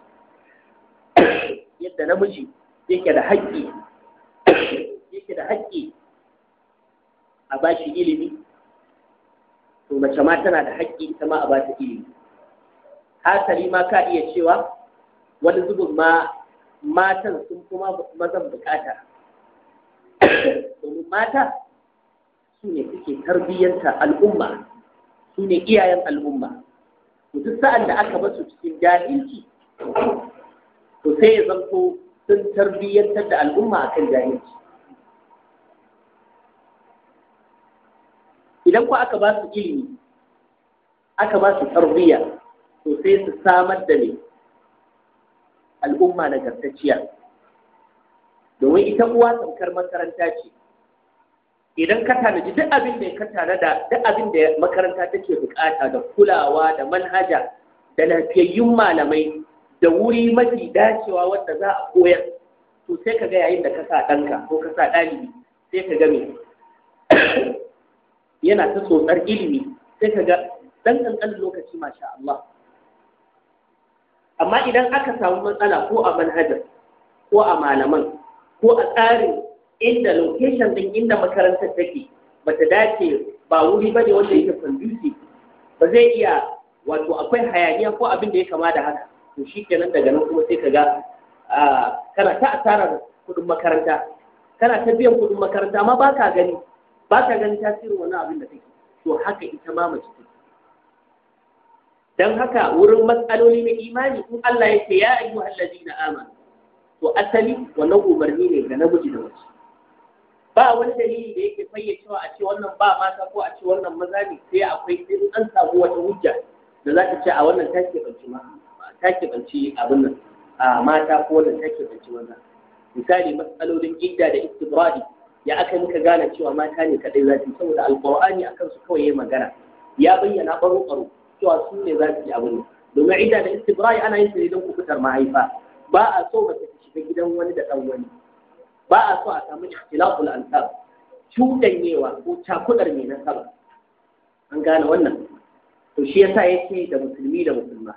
*coughs* yadda namiji yake da haƙƙi *coughs* yake da haƙƙi a ba shi ilimi to mace ma tana da haƙƙi ita ma a ba ta ilimi hasali ma ka iya cewa wani zubin ma matan sun kuma mazan bukata domin mata su ne suke tarbiyyanta al'umma su ne iyayen al'umma duk sa'an da aka basu cikin jahilci to sai ya zanto sun tarbiyyantar da al'umma akan jahilci idan ku aka ba su ilimi aka ba su tarbiyya to sai su samar da ne al'umma nagartacciya domin ita uwa tamkar makaranta ce idan ka tanaji duk abin da ya ka tanada duk abin da makaranta take bukata da kulawa da manhaja da lafiyayyun malamai da wuri mafi dacewa wadda za a koyar to sai ka ga yayin da ka sa ɗanka ko ka sa ɗalibi sai ka ga me yana ta tsotsar ilimi sai ka ga ɗan ƙanƙanin lokaci masha Allah amma idan aka samu matsala ko a manhajar ko a malaman ko a tsarin inda location din inda makarantar take bata dace ba wuri ba ne wanda yake conducive ba zai iya wato akwai hayaniya ko abin da ya kama da haka to kenan daga nan kuma sai ka ga. kana ta asarar kudin makaranta kana ta biyan kudin makaranta amma ba ka gani ba ka gani tasirin wani abin da take to haka ita ma mace dan haka wurin matsaloli na imani in Allah ya ce ya ayyu na amana to asali wannan umarni ne ga namiji da mace ba wani dalili da yake fayyacewa a ce wannan ba mata ko a ce wannan maza ne sai akwai in an samu wata hujja da za ta ce a wannan ta banci ma ta banci abin nan a mata ko wannan ta banci wannan misali matsalolin idda da istibradi ya aka muka gane cewa mata ne kadai za su saboda alqur'ani akan su kawai yayi magana ya bayyana baro baro cewa su ne za su yi abu ne domin ita da istibra'i ana yin sai don don kubutar mahaifa ba a so ba ta shiga gidan wani da ɗan wani ba a so a samu ikhtilaful ansab cuɗanyewa ko cakudar mai nasaba an gane wannan to shi yasa yake da musulmi da musulma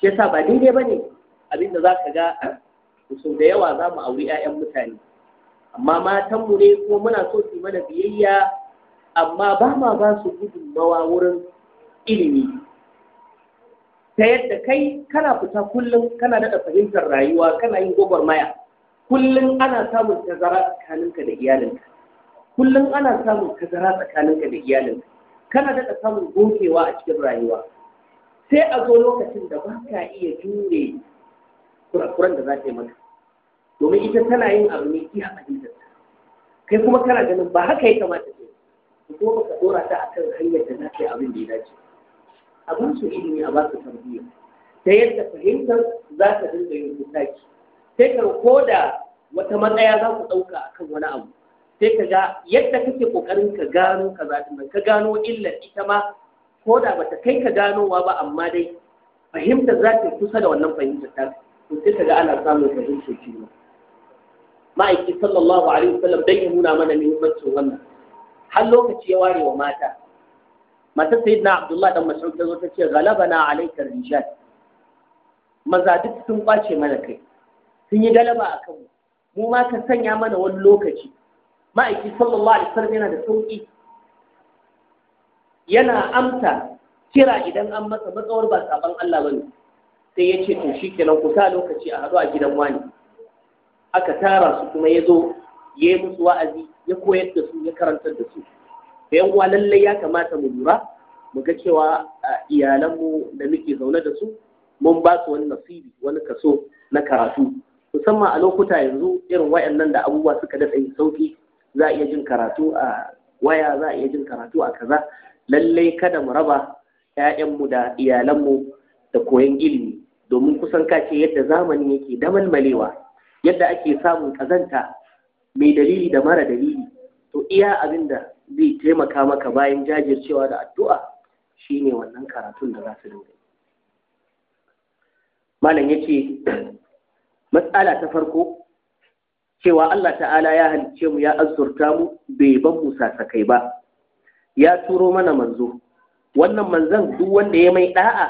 shi yasa ba daidai bane abinda za ka ga sau da yawa za mu auri 'ya'yan mutane amma matanmu ne kuma muna so su mana biyayya amma ba ma ba su gudunmawa wurin ilimi ta yadda kai kana fita kullum kana daɗa fahimtar rayuwa kana yin gwagwarmaya kullum ana samun tazara tsakaninka da iyalinka kullum ana samun tazara tsakaninka da iyalinka kana daɗa samun gogewa a cikin rayuwa sai a zo lokacin da ba ka iya jure kurakuran da za ta yi maka domin ita tana yin abu ne iya fahimtar kai kuma kana ganin ba haka ya kamata ce ko ka dora ta akan hanyar da za ta yi abin da ya dace abin su ilimi a ba su tarbiyya ta yadda fahimtar za ta dinga yin kutaki sai ka ko da wata matsaya za ku ɗauka akan wani abu sai ka ga yadda kake kokarin ka gano ka ka gano illar ita ma ko da bata kai ka ganowa ba amma dai fahimtar za ta kusa da wannan fahimtar ta to sai ka ga ana samun fahimtar juna ma'aiki sallallahu alaihi wasallam dan ya nuna mana muhimmancin wannan har lokaci ya ware wa mata matar na abdullahi dan masu ta zo ta ce ghalabana alaikar rijal maza duk sun kwace mana kai sun yi galaba a kanmu mu ma ka sanya mana wani lokaci ma'aiki sallallahu alaihi wasallam yana da sauƙi. yana amsa kira idan an masa matsawar ba saban Allah bane sai ya ce to shikenan ku ta lokaci a haɗu a gidan wani aka tara su kuma ya zo ya yi musu wa'azi ya koyar da su ya karantar da su yan uwa lallai ya kamata mu lura mu ga cewa iyalanmu da muke zaune da su mun ba su wani nasibi wani kaso na karatu musamman a lokuta yanzu irin wayannan da abubuwa suka datse yin sauki za a iya jin karatu a waya za a iya jin karatu a kaza lallai kada mu raba mu da iyalan mu da koyan ilimi domin kusan kace yadda zamani yake damalmalewa yadda ake samun kazanta mai dalili da mara dalili to iya abin da zai taimaka maka bayan jajircewa da addu'a shine wannan karatun da za su dinga malam ya ce *clears throat* matsala ta farko cewa Allah ta'ala ya halice mu ya azurta mu bai ban mu sasakai ba ya turo mana manzo wannan manzan duk wanda ya mai ɗa'a?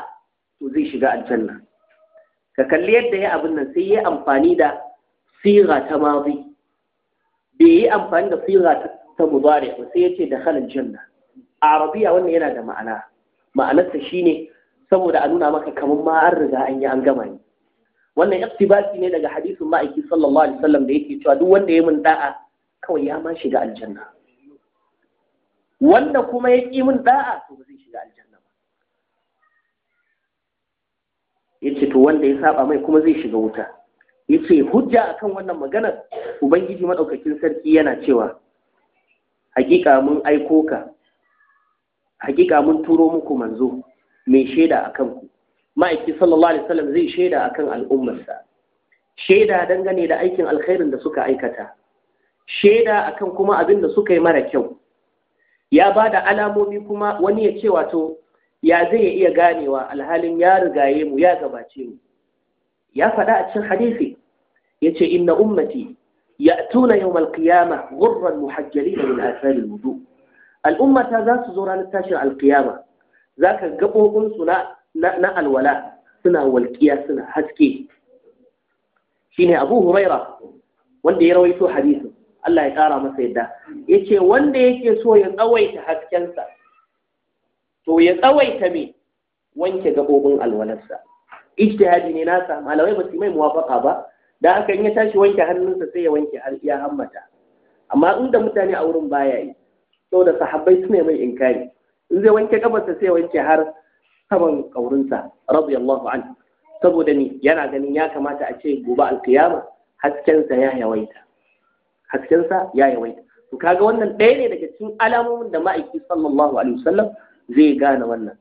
to zai shiga aljanna ka kalli yadda ya abin nan sai ya amfani da siga ta mazi yi amfani da siga ta ta mudari sai ya ce da halin janna a arabiya wannan yana da ma'ana ma'anarsa shine saboda a nuna maka kamar ma an riga an yi an gama ne wannan iktibasi ne daga hadisin ma'aiki sallallahu alaihi wasallam da yake cewa duk wanda ya min da'a kawai ya ma shiga aljanna wanda kuma ya ƙi min da'a to ba zai shiga aljanna ba yace to wanda ya saba mai kuma zai shiga wuta yace hujja akan wannan maganar ubangiji madaukakin sarki yana cewa hakika mun aiko ka hakika mun turo muku manzo mai shaida a kanku ma'aiki sallallahu alaihi wasallam zai shaida akan al'ummarsa shaida dangane da aikin alkhairin da suka aikata shaida akan kuma abin da suka yi mara kyau ya ba da alamomi kuma wani ya ce wato ya zai iya ganewa alhalin ya rigaye mu ya gabace mu ya faɗa a cikin hadisi ya ce inna ummati يأتون يوم القيامة غرا محجلين من آثار الوضوء الأمة ذات زورا للتاشر القيامة ذاك قبو أنسنا نا الولاء سنة والكيا سنة حسكي شيني أبو هريرة wanda ya rawaito hadisin Allah ya ƙara masa yadda yace wanda yake so ya tsawaita haskensa to ya tsawaita me wanke gabobin alwalarsa ijtihadi ne nasa malamai ba mai muwafaqa ba da aka yi ya tashi wanke hannunsa sai ya wanke ya hammata amma inda mutane a wurin baya yi saboda sahabbai ne mai inkari in zai wanke kafarsa sai ya wanke har saman kaurinsa radiyallahu an saboda ni yana ganin ya kamata a ce gobe alkiyama haskensa ya yawaita haskensa ya yawaita to kaga wannan ɗaya ne daga cikin alamomin da ma'aiki sallallahu alaihi wasallam zai gane wannan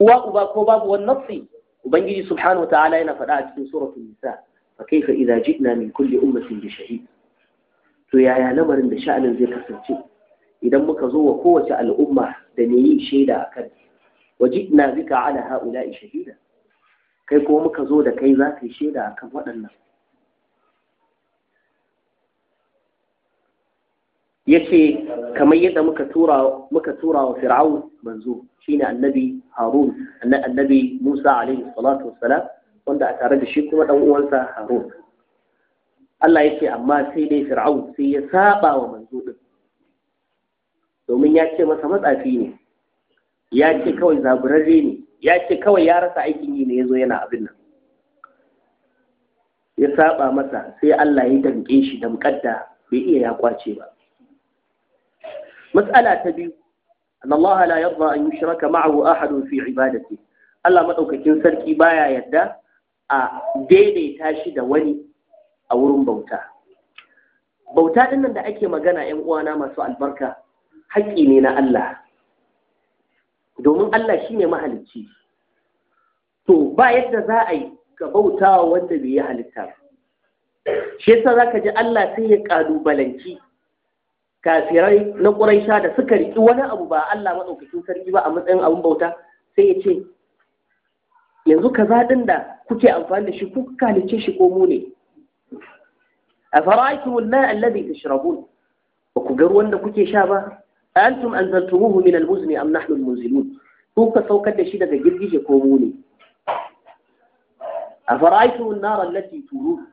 uwa uba ko babu wani nafsi ubangiji subhanahu wa ta'ala yana faɗa a cikin suratul nisa فكيف إذا جئنا من كل أمة بشهيد تو يايا نمر إن شأن زي كسرتي إذا ما كزوا قوة الأمة دنيي شيدا أكد وجئنا بك على هؤلاء شهيدا كيف ما كزوا كي ذاك شيدا أكد وأنا yake kamar yadda muka tura وفرعون tura wa النبي هارون النبي موسى عليه الصلاة والسلام. wanda a tare da shi kuma dan uwansa harun Allah ya amma sai dai fir'aun sai ya saba wa manzo din domin ya ce masa matsafi ne ya ce kawai zaburarre ne ya ce kawai ya rasa aikin yi ne yazo yana abin nan ya saba masa sai Allah ya danke shi da mukadda bai iya ya kwace ba mas'ala ta biyu أن Allah la yarda an yushraka ma'ahu ahadun fi ibadati Allah maɗaukakin sarki baya yadda a daidaita shi da wani a wurin bauta bauta ɗin nan da ake magana ‘yan uwana masu albarka haƙƙi ne na Allah domin Allah shi ne mahalicci to ba yadda za a yi ga bautawa wanda bai yi halitta shi yasa za ka ji Allah sai ya ƙalubalanci kafirai na ƙuraisha da suka riƙi wani abu ba Allah maɗaukakin sarki ba a matsayin abin bauta sai ya ce yanzu kaza din da kuke amfani da shi ku kalice shi ko mu ne a fara'aikum Allah alladhi tashrabun ba ku ga ruwan da kuke sha ba antum anzaltumuhu min al-muzni am nahnu al-munzilun ku ka saukar da shi daga girgije ko mu ne a fara'aikum an-nar allati turun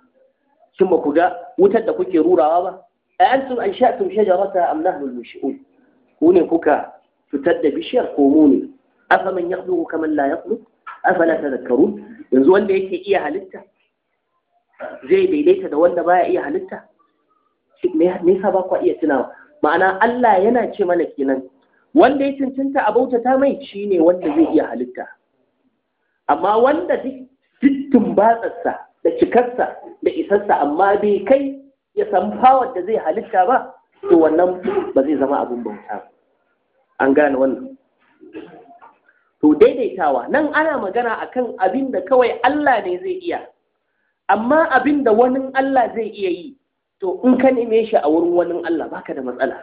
shin ba ku ga wutar da kuke rurawa ba a antum ansha'tum shajarata am nahnu al-munshi'un ku ne kuka fitar da bishiyar ko mu ne afaman yakhluqu kaman la yakhluqu afala tadhakkarun yanzu wanda yake iya halitta zai daidaita da wanda baya iya halitta me yasa ba kwa iya tunawa ma'ana Allah yana ce mana kenan wanda ya cancanta a bautata mai shine wanda zai iya halitta amma wanda duk batsarsa da cikarsa da isarsa amma bai kai ya samu fawar da zai halitta ba to wannan ba zai zama abin bauta an gane wannan to daidaitawa nan ana magana akan abin da kawai Allah ne zai iya amma abin da wani Allah zai iya yi to in ka neme shi a wurin wani Allah baka da matsala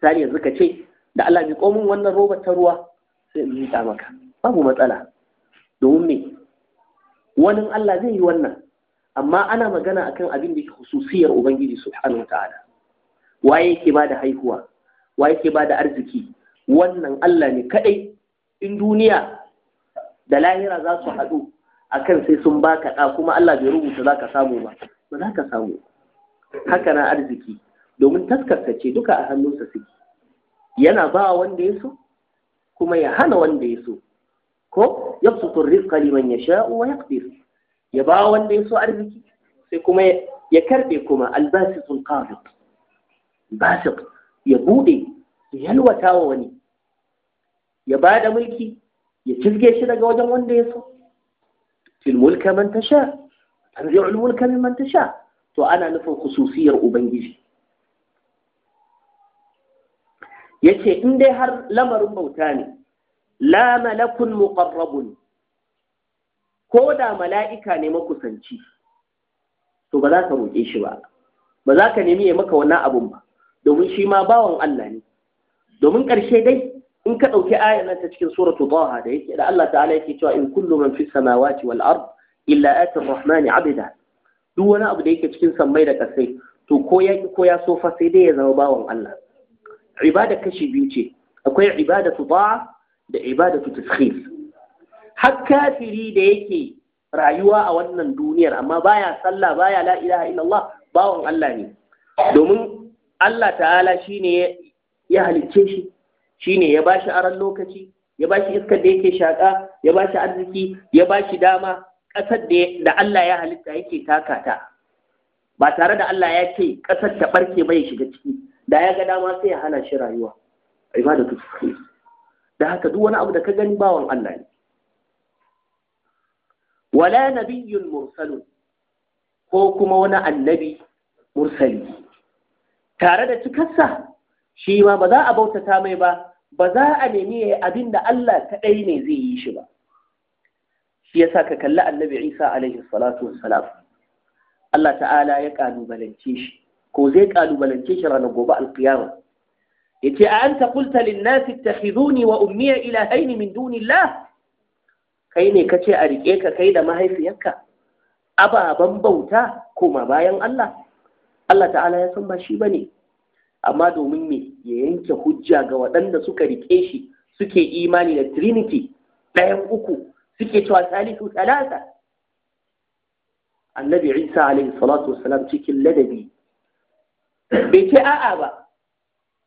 Sani yanzu ka ce da Allah mi komin wannan roba ta ruwa sai in ta maka babu matsala domin me wani Allah zai yi wannan amma ana magana akan abin da ke hususiyar Ubangiji subhanahu wa ta'ala waye yake ba da haihuwa waye yake ba da arziki wannan Allah ne kadai in duniya da lahira za su haɗu akan sai sun baka ɗa kuma Allah bai rubuta za ka samu ba ba za ka samu haka na arziki domin taskarta ce duka a hannunsa suke yana ba wanda ya so kuma ya hana wanda ya so ko yabsutu rizqa liman yasha'u wa yaqdir ya ba wanda ya so arziki sai kuma ya karbe kuma albasitul qabid basit ya bude yalwata wa wani ya ba da mulki ya cizge shi daga wajen wanda ya so fil mulka man tasha tanzi'ul mulka man tasha to ana nufin khususiyar ubangiji yace in dai har lamarin bauta ne la malakun muqarrabun ko da mala'ika ne makusanci to ba za ka roƙe shi ba ba za ka nemi ya maka wannan abun ba domin shi ma bawan Allah ne domin ƙarshe dai in ka ɗauki ayan nan ta cikin suratu Taha da yake da Allah ta'ala yake cewa in kullu man fis samawati wal ard illa ati rahmani abida duk wani abu da yake cikin sammai da ƙasai to ko ya ko ya so fa sai dai ya zama bawan Allah ibada kashi biyu ce akwai ibadatu ta'a da ibadatu taskhir har kafiri da yake rayuwa a wannan duniyar amma baya sallah baya la ilaha illallah bawan Allah ne domin Allah ta'ala shine ya halicce shi shine ya bashi aran lokaci ya bashi iskar da yake shaƙa, ya bashi arziki ya bashi dama ƙasar da Allah ya halitta yake taka ta ba tare da Allah ya ce ƙasar ta barke ba ya shiga ciki da ya ga dama sai ya hana shi rayuwa ba da haka duk wani abu da ka gani bawan Allah ne wala nabiyyun mursalun ko kuma wani annabi mursali tare da cikarsa shi ma ba za a bautata mai ba ba za a nemi ya yi abin da Allah kaɗai ne zai yi shi ba shi yasa ka kalli annabi Isa alaihi salatu wassalam Allah ta'ala ya kalubalance shi ko zai kalubalance shi ranar gobe alkiyama ce a an qulta lin nas ittakhizuni wa ila ilahayn min dunillah kai ne ce a rike ka kai da mahaifiyarka ababan bauta koma bayan Allah Allah ta'ala ya san ba shi bane amma domin me ya yanke hujja ga waɗanda suka riƙe shi suke imani da trinity ɗayan uku suke cewa salisu talata annabi isa alaihi salatu wasalam cikin ladabi bai ce a'a ba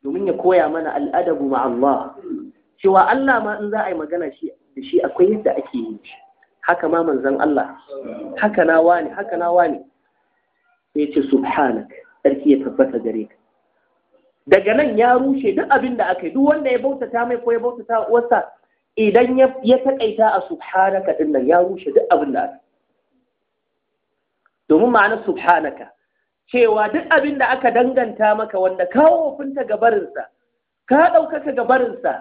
domin ya koya mana al'adabu ma Allah cewa Allah ma in za a yi magana shi da shi akwai yadda ake yi shi haka ma manzan Allah haka na wani haka na wani sai ce subhanak sarki ya tabbata gare ka daga nan ya rushe duk abin da aka yi duk wanda ya bautata mai ko ya bautata wasa idan ya taƙaita a subhanaka din nan ya rushe duk abin da aka domin ma'anar subhanaka cewa duk abin da aka danganta maka wanda kawo finta gabarinsa ka ɗaukaka gabarinsa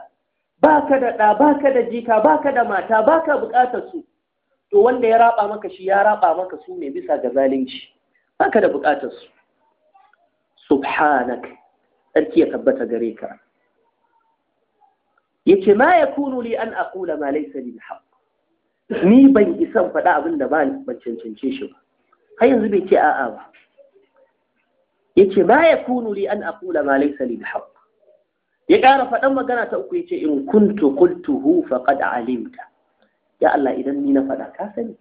ba ka da ɗa ba ka da jika ba ka da mata ba ka buƙatar su to wanda ya raba maka shi ya raba maka su ne bisa ga zalunci ba ka da buƙatar su subhanaka sarki ya tabbata gare ka yace ma ya kunu li an aqula ma laysa bil haqq ni ban isa faɗa abin da ban cancance shi ba har yanzu bai ce a'a ba yace ma ya kunu li an aqula ma laysa bil haqq ya ƙara faɗan magana ta uku yace in kuntu qultuhu faqad alimta ya Allah idan ni na faɗa ka sani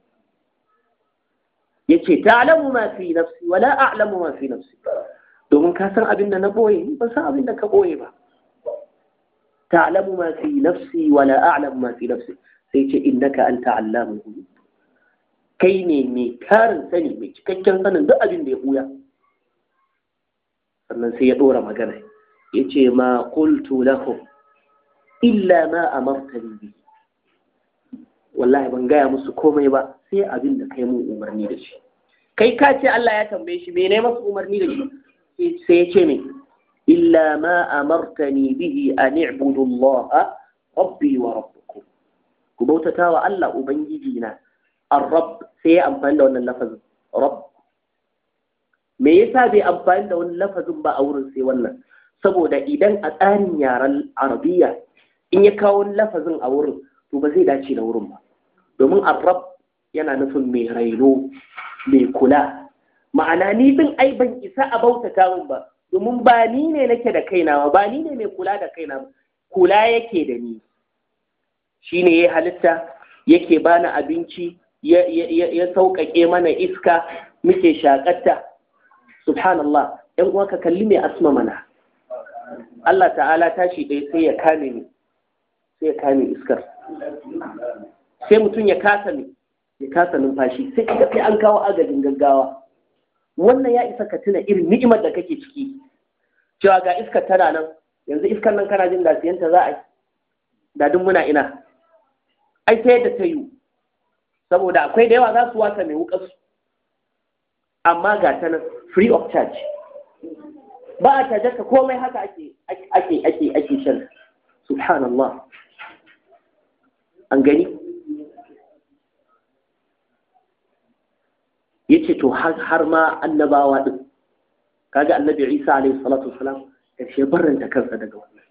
yace ta'lamu ma fi nafsi wala a'lamu ma fi nafsi domin ka san abin da na ɓoye ba ban san abin da ka ɓoye ba ta'lamu ma fi nafsi wa la a'lamu ma fi nafsi sai ce innaka anta allamul ghuyub kai ne mai karin sani mai cikakken sanin duk abin da ya buya sannan sai ya ɗora magana ya ce ma qultu lahum illa ma amartani bi wallahi ban gaya musu komai ba sai abin da kai mun umarni da shi kai ka ce Allah ya tambaye shi me ne masa umarni da shi sai ya ce me illa ma amartani bihi an i'budu Allah rabbi wa rabbukum ku bautata wa Allah ubangiji na Arrab sai ya amfani da wannan lafazin rabb me yasa bai amfani da wani lafazin ba a wurin sai wannan saboda idan a tsarin yaren arabiya in ya kawo lafazin a wurin to ba zai dace da wurin ba domin arab yana nufin mai raino mai kula ma'ana ni din ai ban isa a bautata min ba domin ba ni ne nake da kaina ba ni ne mai kula da kaina ba kula yake da ni shine ya halitta yake bani abinci ya sauƙaƙe mana iska muke shaƙatta subhanallah yan uwa ka kalli mai asma mana Allah ta'ala tashi ɗaya sai ya kame ni sai ya kame iskar sai mutum ya kasa ne ya kasa numfashi sai kaga sai an kawo agajin gaggawa wannan ya isa ka tuna irin ni'imar da kake ciki cewa ga iskar tana nan yanzu iskar nan kana jin da siyanta za a yi da muna ina ai ta yadda ta yi saboda akwai da yawa za su wata mai wukar su amma ga ta nan free of charge ba a ta jaka komai haka ake ake ake ake shan subhanallah an gani yace to har ma annabawa din kaga annabi Isa alayhi salatu wasalam karshe baranta kansa daga wannan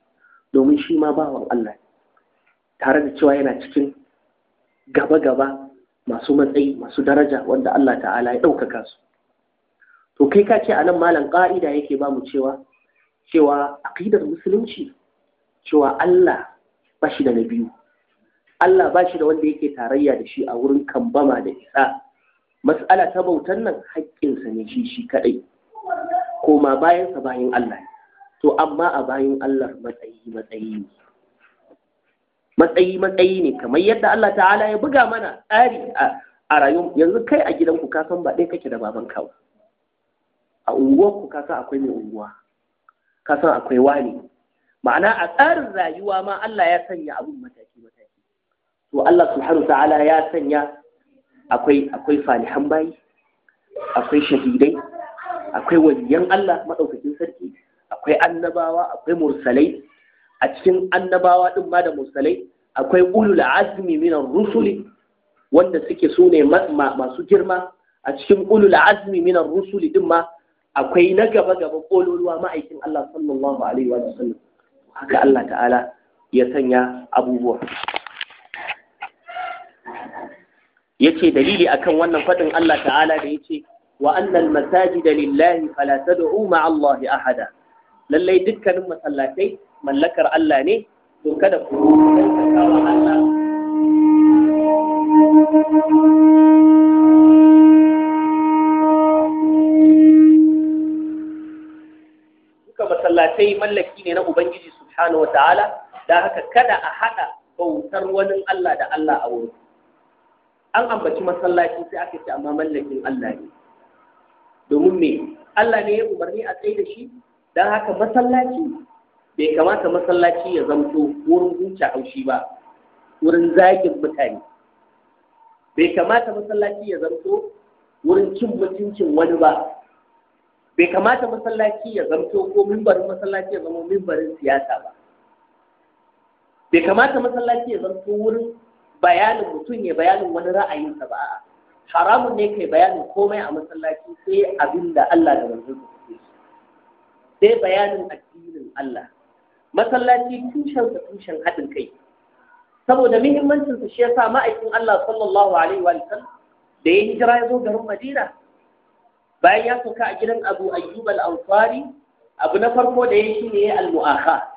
domin shi ma bawan Allah tare da cewa yana cikin gaba gaba masu matsayi masu daraja wanda Allah ta'ala ya ɗaukaka su to kai ka ce anan malam ƙa'ida yake ba mu cewa cewa aqidar musulunci cewa Allah ba shi da na biyu Allah ba shi da wanda yake tarayya da shi a wurin kambama da isa matsala ta bautan nan haƙƙinsa ne shi shi kaɗai koma bayansa bayan Allah to amma a bayan Allah matsayi matsayi ne matsayi matsayi ne kamar yadda Allah ta'ala ya buga mana tsari a rayuwar yanzu kai a gidanku ka san ba ɗaya kake da baban kawo a unguwarku ka san akwai mai unguwa ka san akwai wani ma'ana a tsarin rayuwa ma Allah ya sanya abun mataki mataki to Allah subhanahu ta'ala ya sanya akwai akwai salihan bayi akwai shahidai akwai waliyan Allah madaukakin sarki akwai annabawa akwai mursalai a cikin annabawa din ma da mursalai akwai ulul azmi minar rusuli wanda suke su ne masu girma a cikin ulul azmi minar rusuli din ma akwai na gaba gaba kololuwa ma'aikin Allah sallallahu alaihi wa sallam haka Allah ta'ala ya sanya abubuwa yace dalili akan wannan faɗin Allah ta'ala da yace wa annal masajida lillahi fala tad'u ma'a Allah ahada lallai dukkanin masallatai mallakar Allah ne to kada ku kawo Allah duka masallatai mallaki ne na Ubangiji subhanahu wa ta'ala da haka kada a haɗa bautar wani Allah da Allah a wurin an ambaci masallaci sai aka ce amma mallakin Allah ne domin me Allah ne ya umarni a tsaye da shi don haka masallaci bai kamata masallaci ya zamto wurin huce haushi ba wurin zagin mutane bai kamata masallaci ya zamto wurin cin mutuncin wani ba bai kamata masallaci ya zamto ko mimbarin masallaci ya zama mimbarin siyasa ba bai kamata masallaci ya zamto wurin bayanin mutum ya bayanin wani ra'ayinsa ba haramun ne kai bayanin komai a masallaci sai abin da Allah da manzon su sai bayanin addinin Allah masallaci tushen sa tushen haɗin kai saboda muhimmancin sa shi yasa ma'aikin Allah sallallahu alaihi wa da ya hijira ya zo garin Madina bayan ya sauka a gidan Abu Ayyub al-Ansari abu na farko da ya shi ne al-mu'akha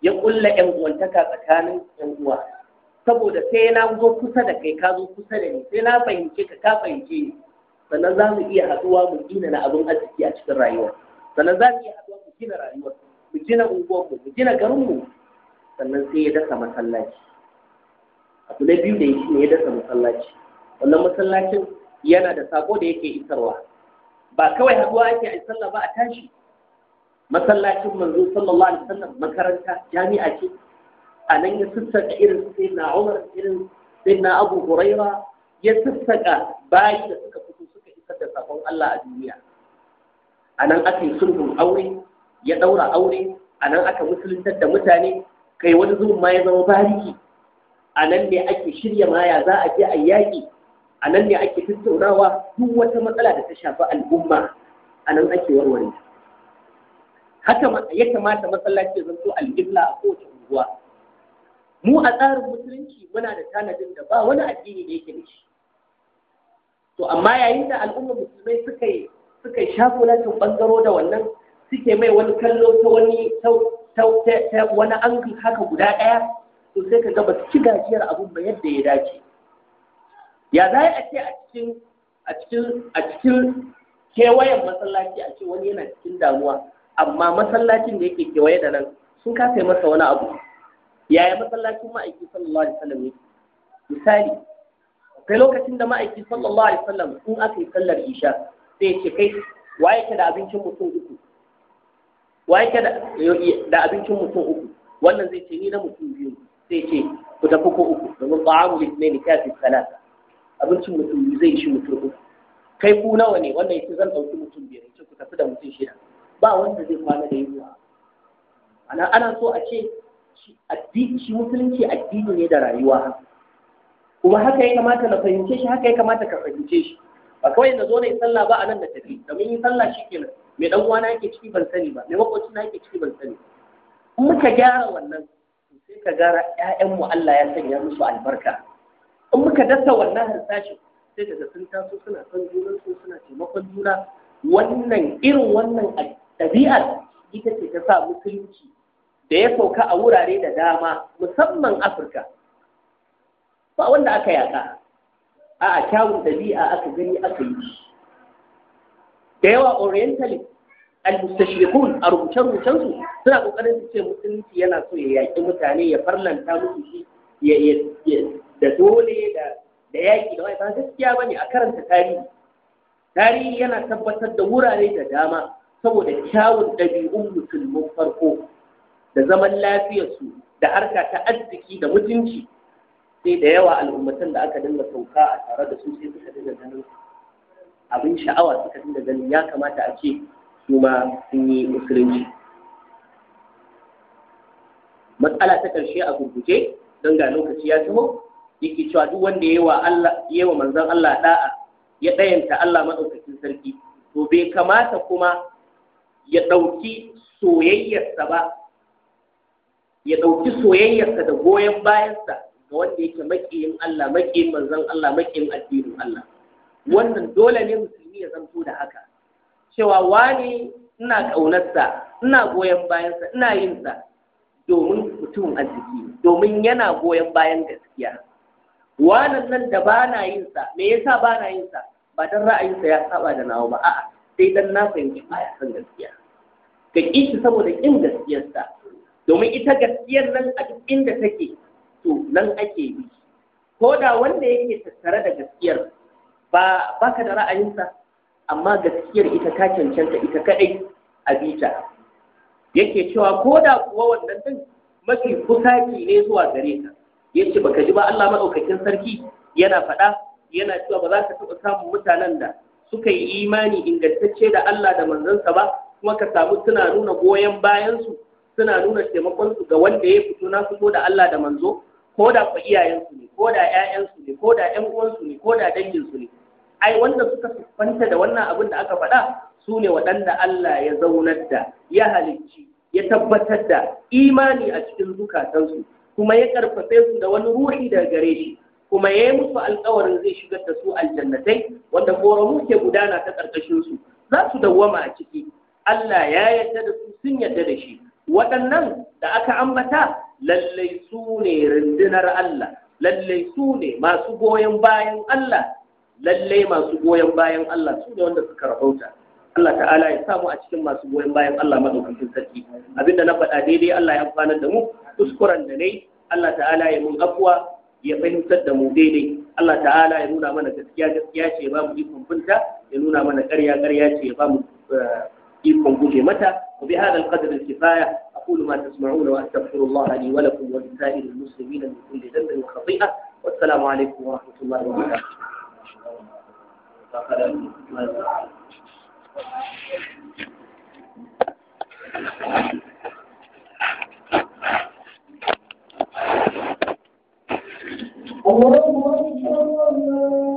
ya kulla ƴan uwantaka tsakanin ƴan uwa saboda sai na zo kusa da kai ka zo kusa da ni sai na fahimce ka ka fahimce ni sannan za mu iya haɗuwa mu gina na abin arziki a cikin rayuwa sannan za mu iya haɗuwa mu gina rayuwa, mu gina unguwarmu mu gina garinmu sannan sai ya dasa masallaci abu na biyu da ya shine ya dasa masallaci wannan masallacin yana da sako da yake isarwa ba kawai haɗuwa ake a sallah ba a tashi masallacin manzo sallallahu alaihi wasallam makaranta jami'a ce Anan nan ya sassaka irin sayyidina Umar irin sayyidina Abu Hurairah ya sassaka bayi da suka fito suka isar da sakon Allah a duniya a nan aka yi sulhun aure ya daura aure a nan aka musuluntar da mutane kai wani zubin ma ya zama bariki a nan ne ake shirya maya za a je a yaƙi a nan ne ake tattaunawa duk wata matsala da ta shafi al'umma a nan ake warware haka ya kamata masallaci ya zanto alƙibla a kowace unguwa mu a tsarin musulunci muna da tanadin da ba wani addini da yake nishi. to amma yayin da al'ummar musulmai suka yi suka shafo lakin bangaro da wannan suke mai wani kallo ta wani ta wani haka guda ɗaya to sai ka ga ba su ci gajiyar abun ba yadda ya dace ya za a ce a cikin kewayen masallaci a ce wani yana cikin damuwa amma masallacin da yake kewaye da nan sun kasa masa wani abu yaya masallacin ma'aiki sallallahu alaihi wasallam yake misali kai lokacin da ma'aiki sallallahu alaihi wasallam in aka yi sallar isha sai ce kai waye ke da abincin mutum uku waye ke da abincin mutum uku wannan zai ce ni na mutum biyu sai ce ku tafi ko uku domin ne litnaini kafi salata abincin mutum biyu zai ishi mutum uku kai ku nawa ne wannan yake zan ɗauki mutum biyar ce ku tafi da mutum shida ba wanda zai kwana da yunwa ana ana so a ce shi musulunci addini ne da rayuwa kuma haka ya kamata na fahimce shi haka ya kamata ka fahimce shi ba kawai na zo na yi sallah ba a nan da tafi domin yi sallah shi kenan mai dan na yake ciki ban sani ba mai makwacin na yake ciki ban sani in muka gyara wannan sai ka gyara ƴaƴanmu Allah ya sanya musu albarka in muka dasa wannan harsashi, sai daga sun taso suna son juna su suna taimakon juna wannan irin wannan ɗabi'ar ita ce ta sa musulunci da ya sauka a wurare da dama musamman afirka ba wanda aka yaka a a kyawun a aka gani aka yi da yawa orientalist al-mustashriqun a rubuce rubucen su suna kokarin su ce musulunci yana so ya yaki mutane ya farlanta musu shi ya da dole da da yaƙi da wani ba gaskiya bane a karanta tarihi tarihi yana tabbatar da wurare da dama saboda kyawun ɗabi'un musulmin farko da zaman lafiyarsu da harka ta arziki da mutunci sai da yawa al'ummatan da aka dinga sauka a tare da su sai suka dinga ganin abin sha'awa suka dinga ganin ya kamata a ce su ma sun yi musulunci matsala ta karshe a gurguje don ga lokaci ya taho yake cewa duk wanda ya yi wa manzon Allah da'a ya ɗayanta Allah maɗaukakin sarki to bai kamata kuma ya ɗauki soyayyarsa ba ya ɗauki soyayyarsa da goyon bayansa ga wanda yake maƙiyin Allah maƙiyin manzon Allah maƙiyin addinin Allah wannan dole ne musulmi ya zanto da haka cewa wani ina ƙaunarsa ina goyon bayansa ina yin sa domin mutumin arziki domin yana goyon bayan gaskiya wanan nan da ba na yin sa me yasa ba na yin sa ba dan ra'ayinsa ya saba da nawa ba a'a sai dan na fahimci baya san gaskiya ka kishi saboda kin gaskiyarsa domin ita gaskiyar nan a duk inda take to nan ake bi ko da wanda yake tattare da gaskiyar ba baka da ra'ayinsa amma gaskiyar ita ta cancanta ita kadai a bita yake cewa ko da kuwa wannan din mafi kusaki ne zuwa gare ka yace baka ji ba Allah madaukakin sarki yana faɗa yana cewa ba za ka taɓa samu mutanen da suka yi imani ingantacce da Allah da manzansa ba kuma ka samu suna nuna goyon bayansu suna nuna taimakonsu ga wanda ya fito na fito da Allah da manzo ko da ku iyayensu ne ko da ƴaƴansu ne ko da ƴan uwansu ne ko da danginsu ne ai wanda suka fanta da wannan abin da aka faɗa su ne waɗanda Allah ya zaunar da ya halicci ya tabbatar da imani a cikin zukatansu kuma ya karfafe su da wani ruhi da gare shi kuma ya yi musu alkawarin zai shigar da su aljannatai wanda koramu ke gudana ta ƙarƙashinsu za su dawwama a ciki Allah ya yarda da su sun yarda da shi waɗannan da aka ambata lallai su ne rundunar Allah lallai su ne masu goyon bayan Allah lallai masu goyon bayan Allah su ne wanda suka rahota. Allah ta'ala ya samu a cikin masu goyon bayan Allah madaukakin sarki Abin da na faɗa daidai Allah ya amfanar da mu kuskuren da ne Allah ta'ala ya mun abuwa ya fahimtar da mu daidai Allah ta'ala ya nuna mana gaskiya gaskiya ce ba mu ikon binta ya nuna mana ƙarya ƙarya ce ba mu eh, إن قدمتها وبهذا القدر الكفاية أقول ما تسمعون وأستغفر الله لي ولكم ولسائر المسلمين من كل ذنب وخطيئة والسلام عليكم ورحمة الله وبركاته. Allah'a emanet olun.